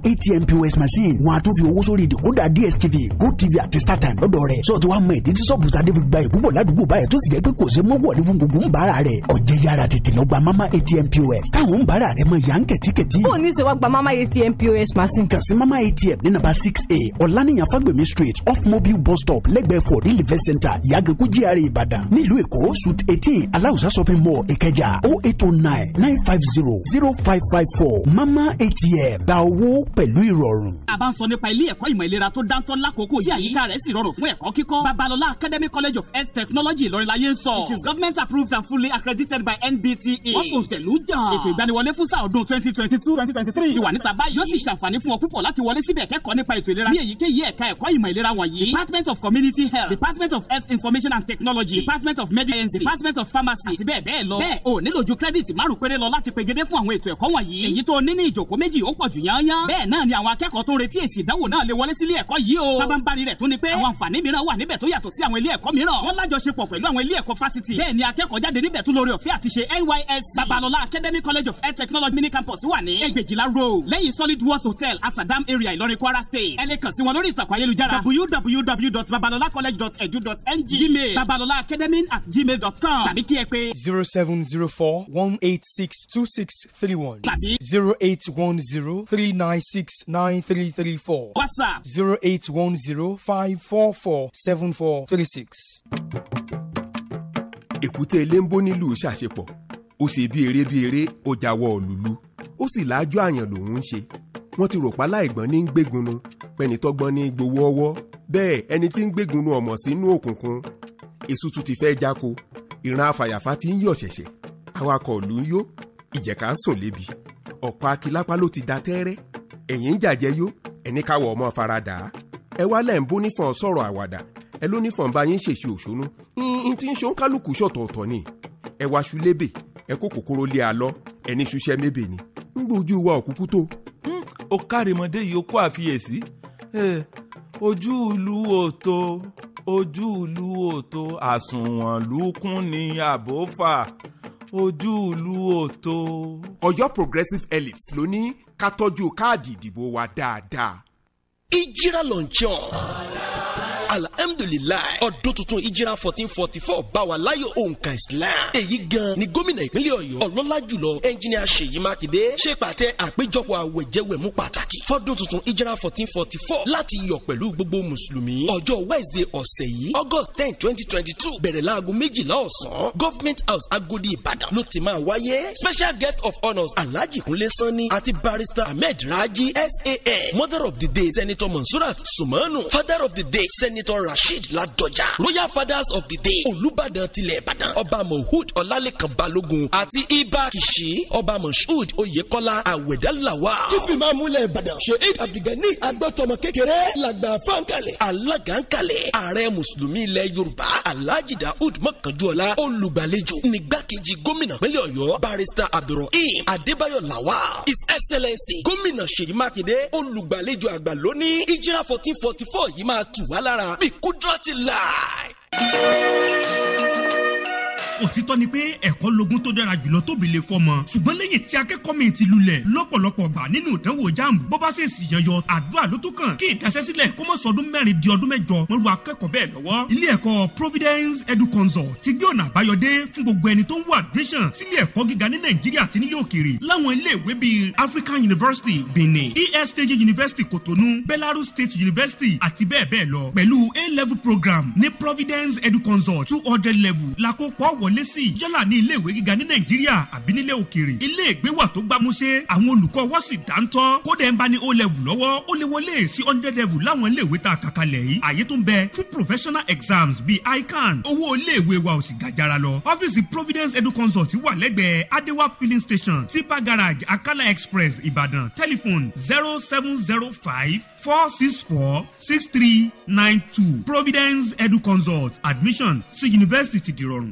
atm pos machine wọn àtún fi owó sórí ìdìkúdà dstv gotv àti startime lọ́dọ̀ rẹ̀ sọ ti wá mọ ìdí tí sọ́ọ̀bù sadé fi gba ìbúbọ̀ ládùúgbò báyìí tó sì jẹ́ pé kò ṣe mọ́wọ́ ní fún gbogbo ń bára rẹ̀ ọ̀jẹ̀ yára tètè lọ gba mama atm pos táwọn ń bára rẹ̀ mọ ìyá ń kẹ̀tíkẹ̀tí. ó ní ṣe wá gba mama atm pos machine. kàn sí mama atm ní nàbà six a ọ̀lànìyàn fagbemi street off mobile bus stop lẹ́gbẹ̀ẹ́ for real event center yagankun gra ìbàdàn nílùú èkó suit eighteen aláùsá shopping mall ìkẹjà o oh eight o oh nine nine five zero zero five five four mama atm gba owó pẹ̀lú ìrọ̀rùn. a bá ń sọ nípa ilé ẹ̀kọ́ ìmọ̀ ìlera tó dáńtọ́ lákòókò yìí àyíká rẹ̀ sì rọrùn fún ẹ̀kọ́ kíkọ́. babalọla academy college of health technology ìlọrin la ń sọ. it is government approved and fully accredited by NBTA. E. wọ́n fòun tẹ̀lú jan. ètò ìgbaniwọlé fún sáà ọdún twenty twenty two twenty twenty three ti wà níta báyìí. yóò sì ṣàǹfààní fún ọ púpọ̀ láti wọlé síbẹ̀ kẹ́kọ̀ọ́ nípa ètò ìlera ní èyíkéyìí ẹ̀ka ẹ̀kọ́ ìmọ̀ department of community health department of health information and technology department of medicine department of pharmacy àti bẹ́ẹ̀ bẹ́ẹ̀ lọ. bẹ́ẹ̀ o nílò ju kírẹ́dìtì márùn-ún péré lọ láti pegedé fún àwọn ètò ẹ̀kọ́ wọ̀nyí. èyí tó ní bẹ́ẹ̀ náà ni àwọn akẹ́kọ̀ọ́ tó ń retí èsì ìdánwò náà lè wọlé sílé ẹ̀kọ́ yìí o sábàǹbarì rẹ̀ tún ni pé àwọn àǹfààní mìíràn wà níbẹ̀ tó yàtọ̀ sí àwọn ilé ẹ̀kọ́ mìíràn wọ́n lájọṣepọ̀ pẹ̀lú àwọn ilé ẹ̀kọ́ fásitì bẹ́ẹ̀ ni akẹ́kọ̀ọ́ jáde níbẹ̀ tún lórí ọ̀fẹ́ àti ṣe NYSC Babalọlá Academic College of Air Technology mini campus wà ní Ẹgbẹ̀jìlá road lẹ́yìn Solid Worth Hotel Asadam area Ìlọrin Kwara State ẹ lè kàn sí wọn lórí ìtàkùn ayélujára www.babalolacollege.edu.ng gmail babalolaacademy@gmail.com tàbí kí ẹ pé. zero seven zero four one eight six two six three one zero eight one zero three nine. 096 9334. WhatsApp 0810 544 7436. Èkúté Eléńbó nílùú ṣàṣepọ̀, ó ṣe bí eré bí eré, ó jáwọ́ òlùlù, ó sì láájú àyàn lòún ń ṣe. Wọ́n ti rò pa láìgbọ́n ní gbégunnu, pẹ̀nitọ́gbọ́n ní gbowó ọwọ́. Bẹ́ẹ̀ ẹni tí ń gbégunnu ọmọ sínú òkùnkùn, èso tún ti fẹ́ jáko, ìran afàyàfà ti ń yọ̀ ṣẹ̀ṣẹ̀, awakọ̀ òlù ń yó, ìjẹ̀ka ń sùn lébi ọ̀pá akilápá ló ti da tẹ́rẹ́ ẹ̀yin ń jàjẹ́ yó ẹni káwọ̀ ọmọ farada ẹ wá lẹ́ ń bó nífọ̀n sọ̀rọ̀ àwàdà ẹ ló nífọ̀n bá yín ṣèṣe òṣónú n ti ń ṣe kálukú ṣọ̀tọ̀ọ̀tọ̀ ni ẹ wá aṣu lébè ẹ kó kòkòrò lé a lọ ẹni ṣuṣẹ́ mébè ni ń gbójú wa òkúkú tó. ó kárìmọ́dé yìí ó kó àfiyèsí ojú ìlú òtó ojú ìlú òtó àsùnwọ̀n lùkún ni àbófà ojúùlú òtó. Ọ̀yọ́ progressive elites ló ní ká tọ́jú káàdì ìdìbò wa dáadáa. ìjírà lọ́njọ́ alhamdulilayi ọdún tuntun ìjìrà fourteen forty four bá wa láyọ̀ òǹkà islam èyí gan ni gómìnà ìpínlẹ̀ ọ̀yọ́ ọlọ́lá jùlọ ẹnjìnìà ṣèyí mákindé ṣe pàtẹ àpéjọpọ̀ àwẹ̀jẹwẹ̀mú pàtàkì fọ́dún tuntun ìjìrà fourteen forty four láti yọ̀ pẹ̀lú gbogbo mùsùlùmí ọjọ́ wednesday ọ̀sẹ̀ yìí august ten twenty twenty two bẹ̀rẹ̀ láago méjìlá ọ̀sán government house agodi ìbàdàn ló ti máa wáyé special guest of honours alhaji kunle sanni àti barrister ahmed raji san mother of the day senator mansurat sumanu father of the day senator senator rasheed ladọjà royal fathers of the day olùbàdàn tilẹ̀ ìbàdàn ọba mohud ọlálẹ́kan balógun àti ibà kìṣí ọba moshood oyèkọ́lá àwẹ̀dálàwà. tífì máa múlẹ̀ ìbàdàn sheikh abdulgani agbọ́tọmọ kékeré làgbà fáńkàlẹ̀. alága ń kalẹ̀ ààrẹ mùsùlùmí ilẹ̀ yorùbá alhaji daoud mọ̀kànjúọlá olùgbàlejò nígbàkejì gómìnà pínlẹ̀ ọ̀yọ́ barrister abdulrahim adébáyọ̀ làwà his excellency gómìnà ṣèyí mákindé olùgbàlejò àgbà lónìí ìjírà fourteen forty four yìí máa tù wá lára bí kúdírọ́tì láì òtítọ́ ni pé ẹ̀kọ́ lógún tó dára jùlọ tóbi lè fọmọ ṣùgbọ́n lẹ́yìn tí akẹ́kọ̀ọ́ mi ti lulẹ̀ lọ́pọ̀lọpọ̀ gbà nínú ìdánwò jamb bó bá ṣe sì yẹyọ àdúrà ló tó kàn kí ìdásẹ́sílẹ̀ kó mọ́ sọdún mẹ́rin di ọdún mẹ́jọ mọ́rú akẹ́kọ̀ọ́ bẹ́ẹ̀ lọ́wọ́ ilé ẹ̀kọ́ Providence Edu Consult ti gbé ọ̀nà àbáyọdé fún gbogbo ẹni tó ń wo admission sílé ẹ̀kọ́ gíga ní Nàìjíríà àti nílé òkèèrè láwọn ilé ìwé bíi African University Benin ESTJ University Kotonu Belarus State University àti bẹ́ẹ̀ wọ wọlé sí yálà ní ilé ìwé gíga ní nàìjíríà àbí nílé òkèèrè ilé ìgbé wà tó gbámúṣé àwọn olùkọ́ wọ́n sì dáńtọ́ kódà ń bá ní o level lọ́wọ́ ó lè wọlé sí hundred level láwọn ilé ìwé tá a kàkalẹ̀ yìí àyè tó ń bẹ fún professional exams bíi ican owó ilé ìwé wa ò sì gàjàrà lọ ọ́fíìsì providence edu consult wà lẹ́gbẹ̀ẹ́ adewa filling station tipa garage akala express ìbàdàn telephone zero seven zero five four six four six three nine two providence edu consult admission sí yunifásitì ti dìrọ̀rùn.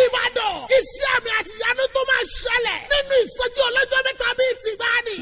Ìbàdàn iṣẹ́ mi àtìyanu tó máa ṣẹlẹ̀ nínú ìsọjí ọlọ́jọ́ mẹ́ta bíi tìgbà ni.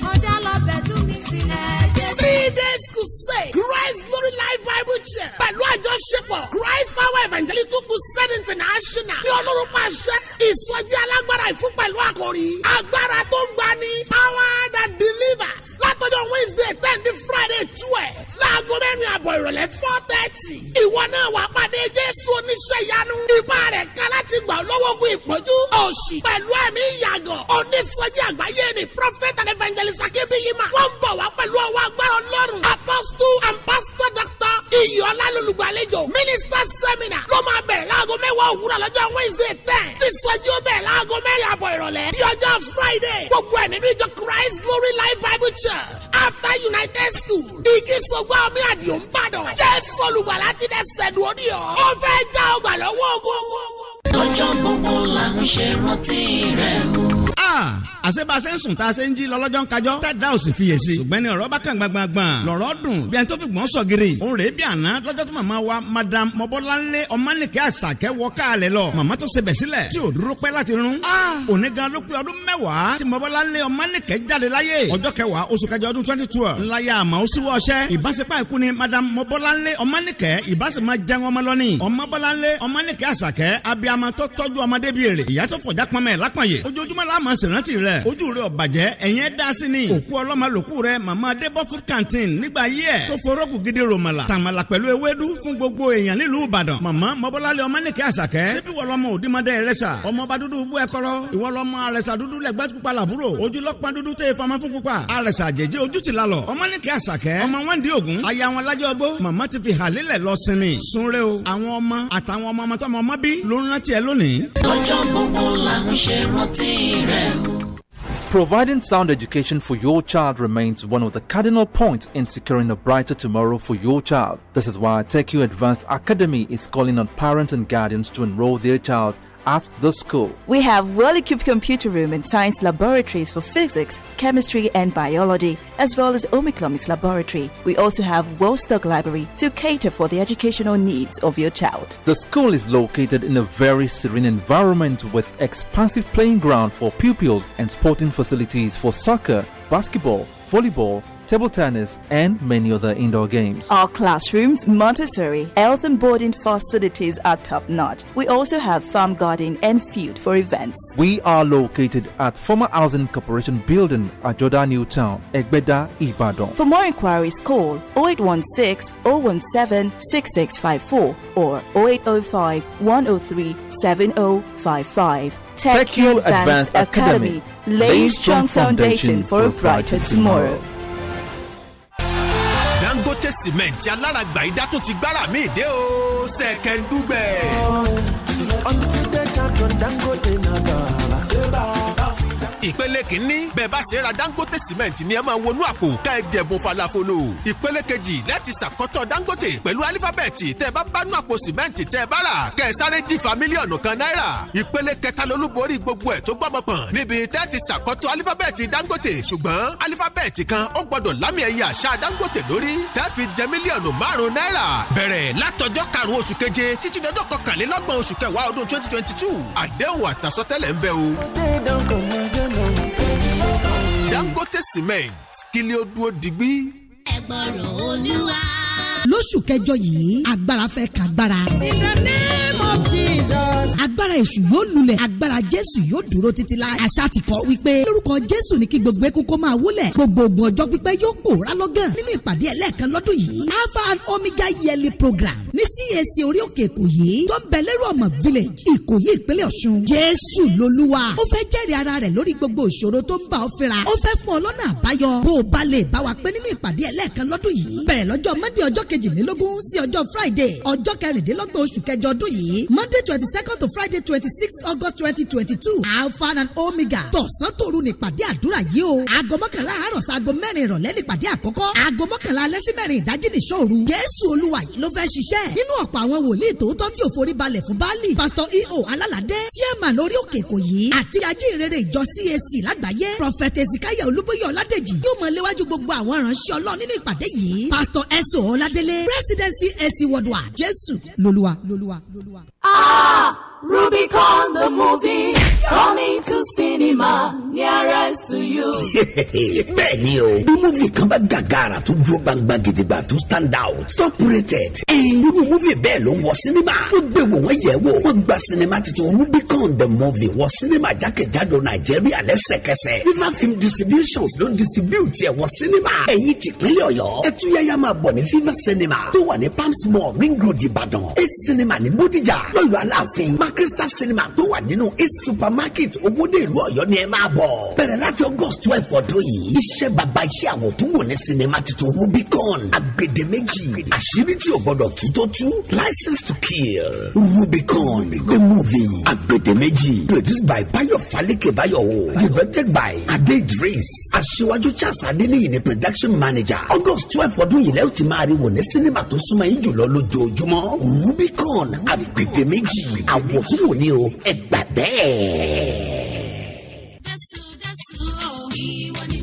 Michelle pẹ̀lú àjọṣepọ̀ Christ Power Evangelical Crusade International ní olórúkọ àṣẹ ìsọjí alágbára ìfún pẹ̀lú àkòrí agbára tó ń gbani power that delivers látọjọ́ Wednesday ten to Friday twelve láago mẹ́rin àbọ̀ ìrọ̀lẹ́ four thirty ìwọ náà wà pàdé Jésù oníṣẹ́ ìyanu ipá rẹ̀ ká láti gbà lọ́wọ́ ogun ìpọ́njú òṣì pẹ̀lú ẹ̀mí ìyàgọ̀ onísọjí àgbáyé ni prophet and evangelist akébíyìmá wọ́n ń bọ̀ wá pẹ̀lú ọwọ́ agbára Ọlọ́run apostle and pastor doctor iyọ̀ ọlá lolùgbàlejò minister seminar ló máa bẹ̀rẹ̀ láago mẹ́wàá òwúrọ̀ lọ́jọ́ wednesday ten ti sọjí ó bẹ̀rẹ̀ láago mẹ́rin àbọ̀ ìrọ̀lẹ́ di ọjọ́ friday gbogbo ẹ̀ nínú ìjọ christ glory life bible church after united school igi sọgbà omi àdìo ń bàdàn jésù olùgbàlà ti dẹ́sẹ̀ dùn ó ní ọ ó fẹ́ já ọgbà lọ́wọ́ ogun. lọ́jọ́ gbogbo làwọn ṣe rántí rẹ̀ o. Ah! àṣebàṣe ń sùn tá a ṣe ń jí lọ́lọ́jọ́ ń kájọ́ tẹ́dá ò sì fiyèsí. ṣùgbọ́n ní ọ̀rọ̀ bá kàn gbàngbàngbàn lọ̀rọ̀ dùn bí ẹni tó fi gbọ́n sọ̀gìrì. òun rèé bí àná lọ́jọ́ tó màmá wa madam mọ́bọ́láńlé ọmánìkẹ́ àṣàkẹ́ wọ káàlẹ̀ lọ. màmá tó ṣe bẹ̀ sílẹ̀ tí ò dúró pẹ́ láti run. Ah! òní gan ló pé ọdún mẹ́wàá tí mọ́bọ́láńlé ọmánìkẹ́ jáde láyé. ọjọ́ kẹwàá oṣù kẹjọ ọdún twenty twelve. ńláyà àmà ó síwọ́ ọṣẹ́. ìbáṣepọ̀ àìkú ni madam mọ́bọ́láńlé ọmánìkẹ́ ìbáṣepọ̀ jẹun ọmọ lọ́nì. ọmọbọ́láńlé ọmánìkẹ́ àṣàkẹ́ abiyamọ tó tọ́jú ọmọdébìrì. ìyá tó la máa ṣèrántí ojú rẹ ọ̀bàjẹ́ ẹ̀yẹn dá sí ni òkú ọlọ́mọ lòkú rẹ màmá débọ́ food canteen nígbà yí ẹ̀ tó forókù gidi rọmọlà tàmàlà pẹ̀lú ewédú fún gbogbo èèyàn nílùú ìbàdàn màmá mọ́bọ́lálẹ̀ ọmọnìkẹ́ àṣàkẹ́ síbi wọlọmọ òdìmọdé ẹrẹsà ọmọba dúdú bú ẹkọrọ ìwọlọmọ àrẹsà dúdú lẹgbẹ pupa làbúrò ojú lọpọn dúdú tẹ fama fún pupa àrẹsà jẹjẹ ojú ti lalọ ọmọnìkẹ́ àṣàkẹ́ ọmọ wọn di ògún aya wọn lájọ ọgbó màmá ti fi hàlílẹ̀ lọ sinmi sunre o àwọn ọmọ àtàwọn ọmọ ọmọ tọmọ ọmọ bí ló ẹ lónìí. lọ́jọ́ gbogbo làwọn ṣe rántí rẹ̀ o. Providing sound education for your child remains one of the cardinal points in securing a brighter tomorrow for your child. This is why TechU Advanced Academy is calling on parents and guardians to enroll their child at the school. We have well-equipped computer room and science laboratories for physics, chemistry and biology, as well as Omiclomics laboratory. We also have well-stocked library to cater for the educational needs of your child. The school is located in a very serene environment with expansive playing ground for pupils and sporting facilities for soccer, basketball, volleyball, table tennis, and many other indoor games. Our classrooms, Montessori, health and boarding facilities are top notch. We also have farm garden and field for events. We are located at former Housing Corporation Building at Joda New Town, Egbeda, Ibadan. For more inquiries, call 0816 017 6654 or 0805 103 7055. Tech, Tech Advanced, Academy, Academy lays strong foundation for a brighter tomorrow. tomorrow. Dangote cement aláràgbà idá tún ti gbára mi dé o ṣẹ̀kẹ̀ ń dúgbẹ̀. undisputed champion Dangote nàbà ìpele kìíní bẹ́ẹ̀ bá ṣe ra dangote cement ni ẹ máa wọnú àpò ká ẹ jẹ̀bùn falafolo ìpele kejì lẹ́ẹ̀tì ṣàkọ́tọ̀ dangote pẹ̀lú alifábẹ́ẹ̀tì tẹ́ ẹ bá bánú àpò cement tẹ́ ẹ bá rà kẹ́ ẹ sáré jìfà mílíọ̀nù kan náírà ìpele kẹta lolúborí gbogbo ẹ̀ tó gbọ́mọpọ̀n níbi tẹ́ẹ̀tì ṣàkọ́tọ̀ alifábẹ́ẹ̀tì dangote ṣùgbọ́n alifábẹ́ẹ̀tì kan ó gbọ́dọ̀ lámì ẹ̀yẹ àṣà dangote lórí tẹ́ẹ̀ fi jẹ mílíọ̀nù márùn-ún náírà bẹ̀rẹ̀ látọjọ́ karùn-ún oṣù keje títí dọjọ́ kọkànlélọ́gbọ̀n oṣù kẹwàá Dangote cement kí ni ó dúró digbí. ẹgbọràn olúwa. lóṣù kẹjọ yìí agbára fẹ́ kàgbára. ìdáná agbára èṣù yóò lulẹ̀ agbára jésù yóò dúró títí la àṣà ti kọ́ wípé lórúkọ jésù ni kí gbogbo ekúkọ máa wúlẹ̀ gbogbo ogun ọjọ́ pípẹ́ yóò pòórá lọ́gàn nínú ìpàdé ẹlẹ́ẹ̀kan lọ́dún yìí alpha and omega yearly program ní cac orí òkè ìkòyí tó ń bẹ lẹ́rù ọmọ village ìkòyí ìpínlẹ̀ ọ̀ṣun jésù lolúwa ó fẹ́ jẹ́rìí ara rẹ̀ lórí gbogbo ìṣòro tó ń bá ọ fínra ó fẹ́ fún ọ lọ́nà àbáyọ bó o bá lè bá wa pé nínú ìpàdé ẹlẹ́ẹ̀kan lọ́dún yìí bẹ̀rẹ̀ lọ́jọ́ monday ọjọ́ kejìlélógún sí ọjọ́ friday ọjọ́ kẹrìndínlọ́gbọ̀n oṣù kẹjọ ọdún yìí monday twenty second to friday twenty sixth august twenty twenty two alpha and omega tọ̀sán tòru nípàdé àdúrà yìí o aago mọ́kànlá àárọ̀ sí aago mẹ́rin ìrọ̀lẹ́ nípàdé àkọ́kọ́ aago mọ́kànlá alẹ́ sí mẹ́rin ìdájí ní ṣọ́ọ̀rù jésù olúwa yìí ló fẹ́ ṣiṣẹ́ nínú ọ̀pọ̀ àwọn wòlíì tòótọ́ tí ò forí balẹ̀ fún baálì pásítọ̀ eo alálàdé chairman lórí òkè èkó yìí àti ajínrere ìjọ cac lágbàáyé prọfẹtẹ presidency esi wọdùà jésù lolúwa lolúwa lolúwa. 啊！Rubicon the movie coming to cinema nearest to you. bẹ́ẹ̀ni o múvi kan bá gàgàrà tó dúró gbangba gidigba tó stand out top rated. irú múvi bẹ́ẹ̀ ló ń wọ sinima. wọ́n gbé wò wọ́n yẹ̀ wò wọ́n gba sinima titun Rubicon the movie wọ sinima jákèjádò Nàìjíríà lẹ́sẹ̀kẹsẹ̀. River Film Distributions ló ń distribute ẹ̀ wọ sinima. ẹ̀yin tìpínlẹ̀ Ọ̀yọ́ ẹ tún yáyá máa bọ̀ ní Fever Cinema tó wà ní Palms Mall Ring Road Ìbàdàn eight cinema ní Bódìjà lọ́yọ̀ Aláàfin má Crystal Cinema tó wà nínú East Supermarket Owódé ìlú Ọ̀yọ́ ni ẹ máa bọ̀. Bẹ̀rẹ̀ láti August twelve ọdún yìí. Iṣẹ́ bàbá iṣẹ́ àwọn tó wò ní cinema titun Rubicon Agbedeméjì. Àṣírí tí o gbọ́dọ̀ tú tó tú. License to kill. Rubicon the movie Agbedeméjì. Produced by Bayo Falike Bayowo. Directed by Ade Idris. Aṣíwájú Charles Adeniyi ni production manager. August twelve ọdún yìí lẹ́yìn tí máa rí wò ní sinimá tó súnmọ́ yín jùlọ lójoojúmọ́. Rubicon Agbedeméjì. Àwọn oògùn tí wò ní o ẹ gbà bẹ́ẹ̀. jésù jésù òun ìwọ ni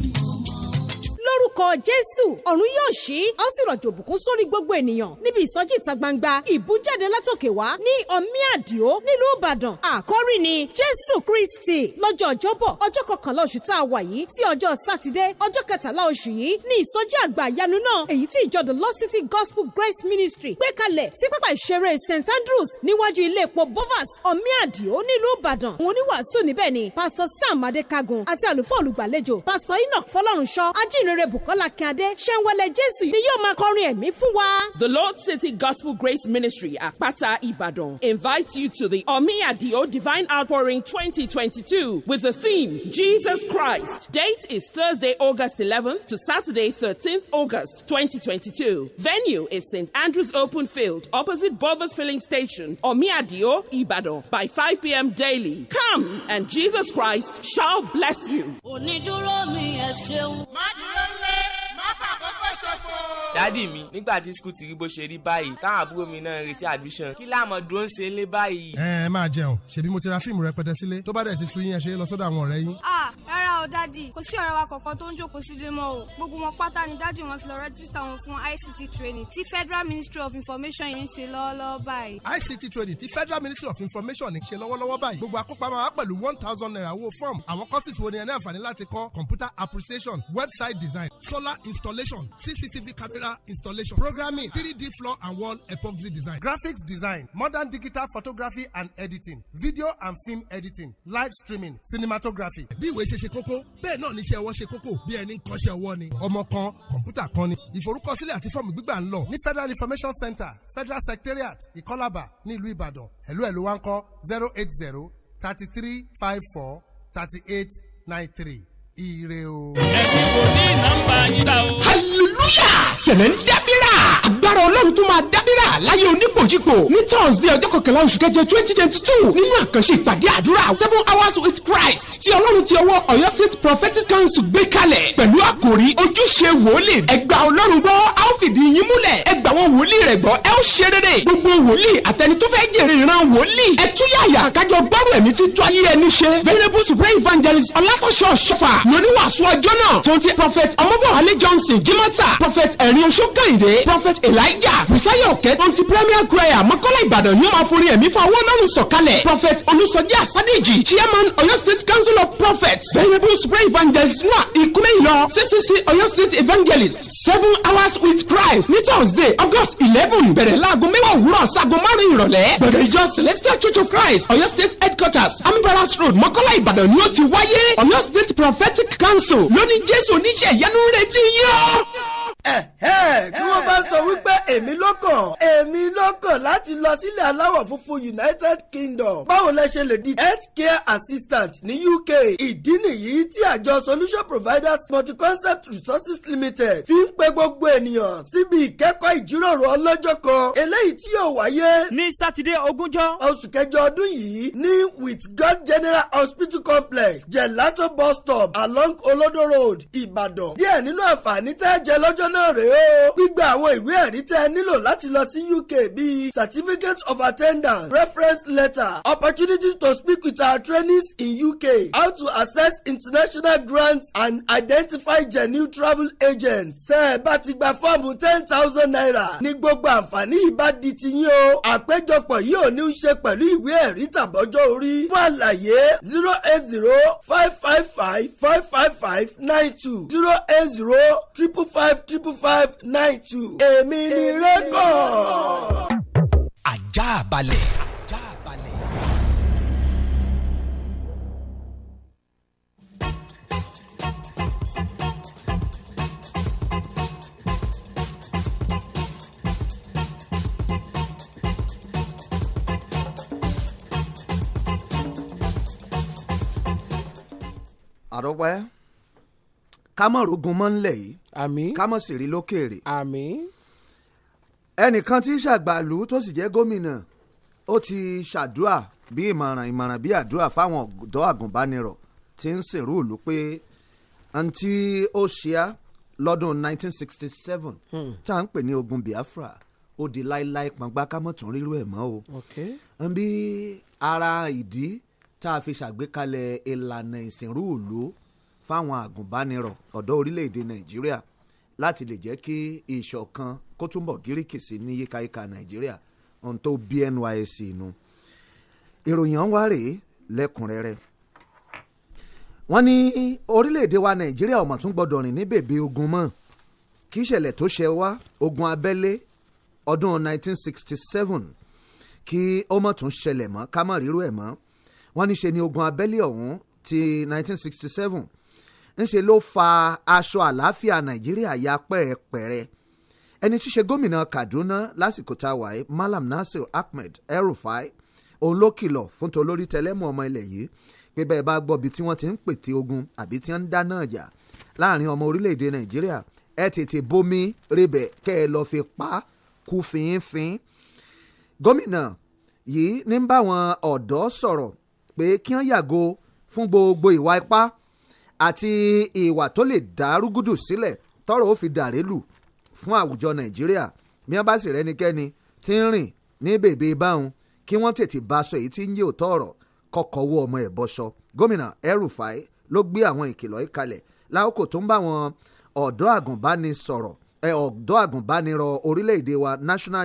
lórúkọ jésù ọ̀run yóò ṣí ó sì rọ̀jò òbùkún sórí gbogbo ènìyàn níbi ìsọjí ìta gbangba ìbújáde látòkè wá ní ọmí àdìo nílùú ìbàdàn àkọ́rí ni jésù kristi lọ́jọ́ ọjọ́bọ̀ ọjọ́ kọkànlá oṣù tá a wà yìí sí ọjọ́ sátidé ọjọ́ kẹtàlá oṣù yìí ní ìsọjí àgbà ìyanu náà èyí tí ìjọ the lost city gospel grace ministry gbé kalẹ̀ sí pápá ìṣeré st andrews níwájú ilé epo bovas ọmí àdìo nílùú ìbàdàn òun oníwàásù níbẹ̀ ni pastor sam adekagun àti àlùfáà olùgbàlejò pastor enoch fọlọ́runṣọ́ ajínrere bùk Bukola Jésù ni The Lord City Gospel Grace Ministry Àpáta Ìbàdàn invites you to the Omi Adio Divine Outpouring 2022 with the theme Jesus Christ. Date is Thursday, August 11th to Saturday, 13th August 2022. Venue is St. Andrew's Open Field opposite Bovers Filling Station, Omi Adio, Ibadan by 5 p.m. daily. Come and Jesus Christ shall bless you. dádì mi nígbà tí skul ti rí bó ṣe rí báyìí táwọn àbúrò mi náà retí admission kí láàmú dúró ń ṣe lé báyìí. ẹ ẹ máa jẹun ṣèbí mo ti ra fíìmù rẹpẹtẹ sílé tó bá dẹ̀ ti sú yín ẹ ṣe lọ sọ́dọ̀ àwọn ọ̀rẹ́ yín. a rárá o dádì kò sí ọ̀rẹ́ wa kankan tó ń jókòó sílé mọ́ o gbogbo wọn pátá ni dádì wọn ti lọ rẹ́jísítà wọn fún ICT training tí Federal Ministry of Information yìí ń ṣe lọ́wọ́lọ́wọ́ báyìí. ICT training tí Federal Ministry of Information ń ṣe lọ́wọ́lọ́wọ́ báyìí gbogbo akópa máa pẹ̀lú one thousand naira owó form àwọn courses wo ni ẹ ní àǹfààní láti kọ́ computer appreciation website design solar installation CCTV camera camera installation, programming, 3D floor and wall epoxy design, graphics design, modern digital photography and editing, video and film editing, live streaming, cinematography. Bí ìwé ṣe ṣe kókó, bẹ́ẹ̀ náà níṣẹ́ ọwọ́ ṣe kókó bí ẹni ń kọ́ṣẹ́ ọwọ́ ni. Ọmọ kan, kọ̀ǹpútà kan ni. Ìforúkọsílẹ̀ àti fọ́ọ̀mù gbígbà ń lọ ní Federal Information Center, Federal Secretariat, Ìkọ́lábà nílùú Ìbàdàn. Ẹ̀lú ẹ̀lú wa ń kọ́ zero eight zero thirty three five four thirty eight nine three ire o. ẹ̀mí kò ní nọ́mbà yín ta o. hallelujah sẹ̀lẹ̀ ń dábìrà agbára ọlọ́run tún máa dábìrà láyé onípòjìpò ní thursday ọjọ́ kọkànlá oṣù keje twenty twenty two nínú àkànṣe ìpàdé àdúrà seven hours with christ tí ọlọ́run ti ọwọ́ ọ̀yọ́ state prophetic council gbé kalẹ̀ pẹ̀lú àkòrí ojúṣe wòlíì ẹgbà ọlọ́run gbọ́ a ó fìdí yín múlẹ̀ ẹgbà wọn wòlíì rẹ̀ gbọ́ ẹ ó ṣe rere gbogbo wòlíì àtẹni tó fẹ́ jèrè ìran wòlíì ẹ túyàyà kájọ gbọ́rọ̀ ẹ̀mí títú ayé ẹni ṣe venerable supreme evangelist ọlákọ̀ṣọ́ ṣọ́fà lóníwàásù ọjọ́ náà tó ń johnson jimata prophet ẹ̀rín oṣó kàìndé prophet elijah busayo òkè tonti premier prayer mọ́kọ́lá ìbàdàn ni ó máa forí ẹ̀mí fún àwọn ọlọ́run sọ̀kalẹ̀ prophet olùsọjí àsádéjì chairman ọ̀yọ́ state council of prophets venerable super evangelist noa ìkúmẹ́yìnlọ ccc ọ̀yọ́ state evangelist seven hours with christ ní thursday august eleven bẹ̀rẹ̀ láago mẹ́wàá òwúrọ̀ sáago márùn-ún ìrọ̀lẹ́ ìjọ celestial church of christ ọ̀yọ́ state headquarters amibaras road mọ́kọ́lá ìbàdàn ni ó ti wáyé ọ̀yọ́ state prophetic council lóní jésù oníṣẹ́ ìyanu ń retí yín o tí wọ́n bá sọ wípé èmi ló kàn èmi ló kàn láti lọ sílẹ̀ aláwọ̀ funfun United Kingdom báwo lẹ ṣe lè di health care assistant ní UK ìdí nìyí tí àjọ Solution Providers Multi-Concept Resources Limited fi ń pe gbogbo ènìyàn síbi ìkẹ́kọ̀ọ́ ìjíròrò ọlọ́jọ́ kan eléyìí tí yóò wáyé ní sátidé ogúnjọ́ oṣù kẹjọ ọdún yìí ní with God General Hospital Complex Jelato bus stop along Olodo Road Ìbàdàn díẹ̀ nínú àǹfààní tẹ́ jẹ lọ́jọ́ náà rèé o gbígba àwọn ìwé ẹ̀rí tẹ́ nílò láti lọ sí UK bíi certificate of attendance reference letter opportunity to speak with our trainees in UK how to access international grants and identify genuine travel agents. tẹ́ ẹ bá ti gba fọ́ọ̀mù ten thousand naira ní gbogbo àǹfààní ìbá di tiyín o àpéjọpọ̀ yìí ò ní í ṣe pẹ̀lú ìwé ẹ̀rí tàbọ́jọ́ orí fún àlàyé zero eight zero five five five five five five nine two zero eight zero triple five triple triple five nine two èmi ni rékọ̀. ajá balẹ̀. Out of where? ká mọ̀ rógun mọ́ ńlẹ̀ yìí àmín ká mọ̀ sì rí lókèèrè àmín ẹnìkan tí ṣàgbàlú tó sì jẹ́ gómìnà ó ti ṣàdúà bí ìmọ̀ràn ìmọ̀ràn bí àdúà fáwọn ọ̀dọ́ àgùnbánirọ̀ tí ń sèrú ìlú pé àǹtí ó ṣe á lọ́dún 1967 hmm. tá à ń pè ní ogun Biafra ó di láéláé pangbá ká mọ̀ tún rírú ẹ̀ mọ́ o. n bí ara ìdí tá a fi ṣàgbékalẹ̀ ìlànà ìsìnrú ìlú fáwọn àgùnbánirọ̀ ọ̀dọ́ orílẹ̀-èdè nàìjíríà láti lè jẹ́ kí ìṣọ̀kan kó túnbọ̀ gíríkì sí ní yíkáyíká nàìjíríà ohun tó bí NYSC nu ìròyìn ọ̀hún wá rèé lẹ́kùnrẹ́rẹ́ wọ́n ní orílẹ̀-èdè wa nàìjíríà ọ̀mọ̀ tún gbọ́dọ̀ rìn ní bèbè ogun mọ́ kí ìṣẹ̀lẹ̀ tó ṣe wá ogun abẹ́lé ọdún 1967 kí ó mọ̀ tún ṣẹlẹ̀ mọ́ ká mọ̀ rírú ẹ̀ mọ́ wọ́n ní ṣe ni ogun abẹ́lé ọ̀hún ti 1967 ńṣe ló fa aṣọ àlàáfíà nàìjíríà ya pẹ́ẹ́pẹ́rẹ́ ẹni tí ṣe gómìnà kaduna lásìkò tá a wà malam nasir ahmed Erufai rufai òun ló kìlọ̀ fún tolórí tẹlẹ́mù ọmọ ilẹ̀ yìí pé bẹ́ẹ̀ bá gbọ́ bí tí wọ́n ti ń pète ogun àbí tí wọ́n ń dáná ọjà láàrin ọmọ orílẹ̀-èdè nàìjíríà ẹ tètè bomi rebẹ̀ kẹ́ ẹ lọ́ọ́ fi pa kú fínfín gómìnà yìí ní báwọn ọ̀dọ́ sọ̀rọ̀ pé kí wọ́n yàgò fún gbogbo ìwà ipá àti ìwà tó lè dá rúgúdù sílẹ̀ tọ́rọ̀ ó fi dàrélù fún àwùjọ nàìjíríà bí wọ́n bá sì rẹ́nikẹ́ni tí ń rìn ní bèbè báwọn kí wọ́n tètè bá aṣọ èyí tí ń yé òótọ́ ọ̀rọ̀ kọ́kọ́ wọ ọmọ ẹ̀ bọ́ṣọ gómìnà el ló gbé àwọn ìkìlọ̀ yìí kalẹ̀ lákòókò tó ń bá àwọn ọ̀dọ́ àgùnbánisọ̀rọ̀ ọ̀dọ́ àgùnbánirọ̀ orílẹ̀-èdè wa National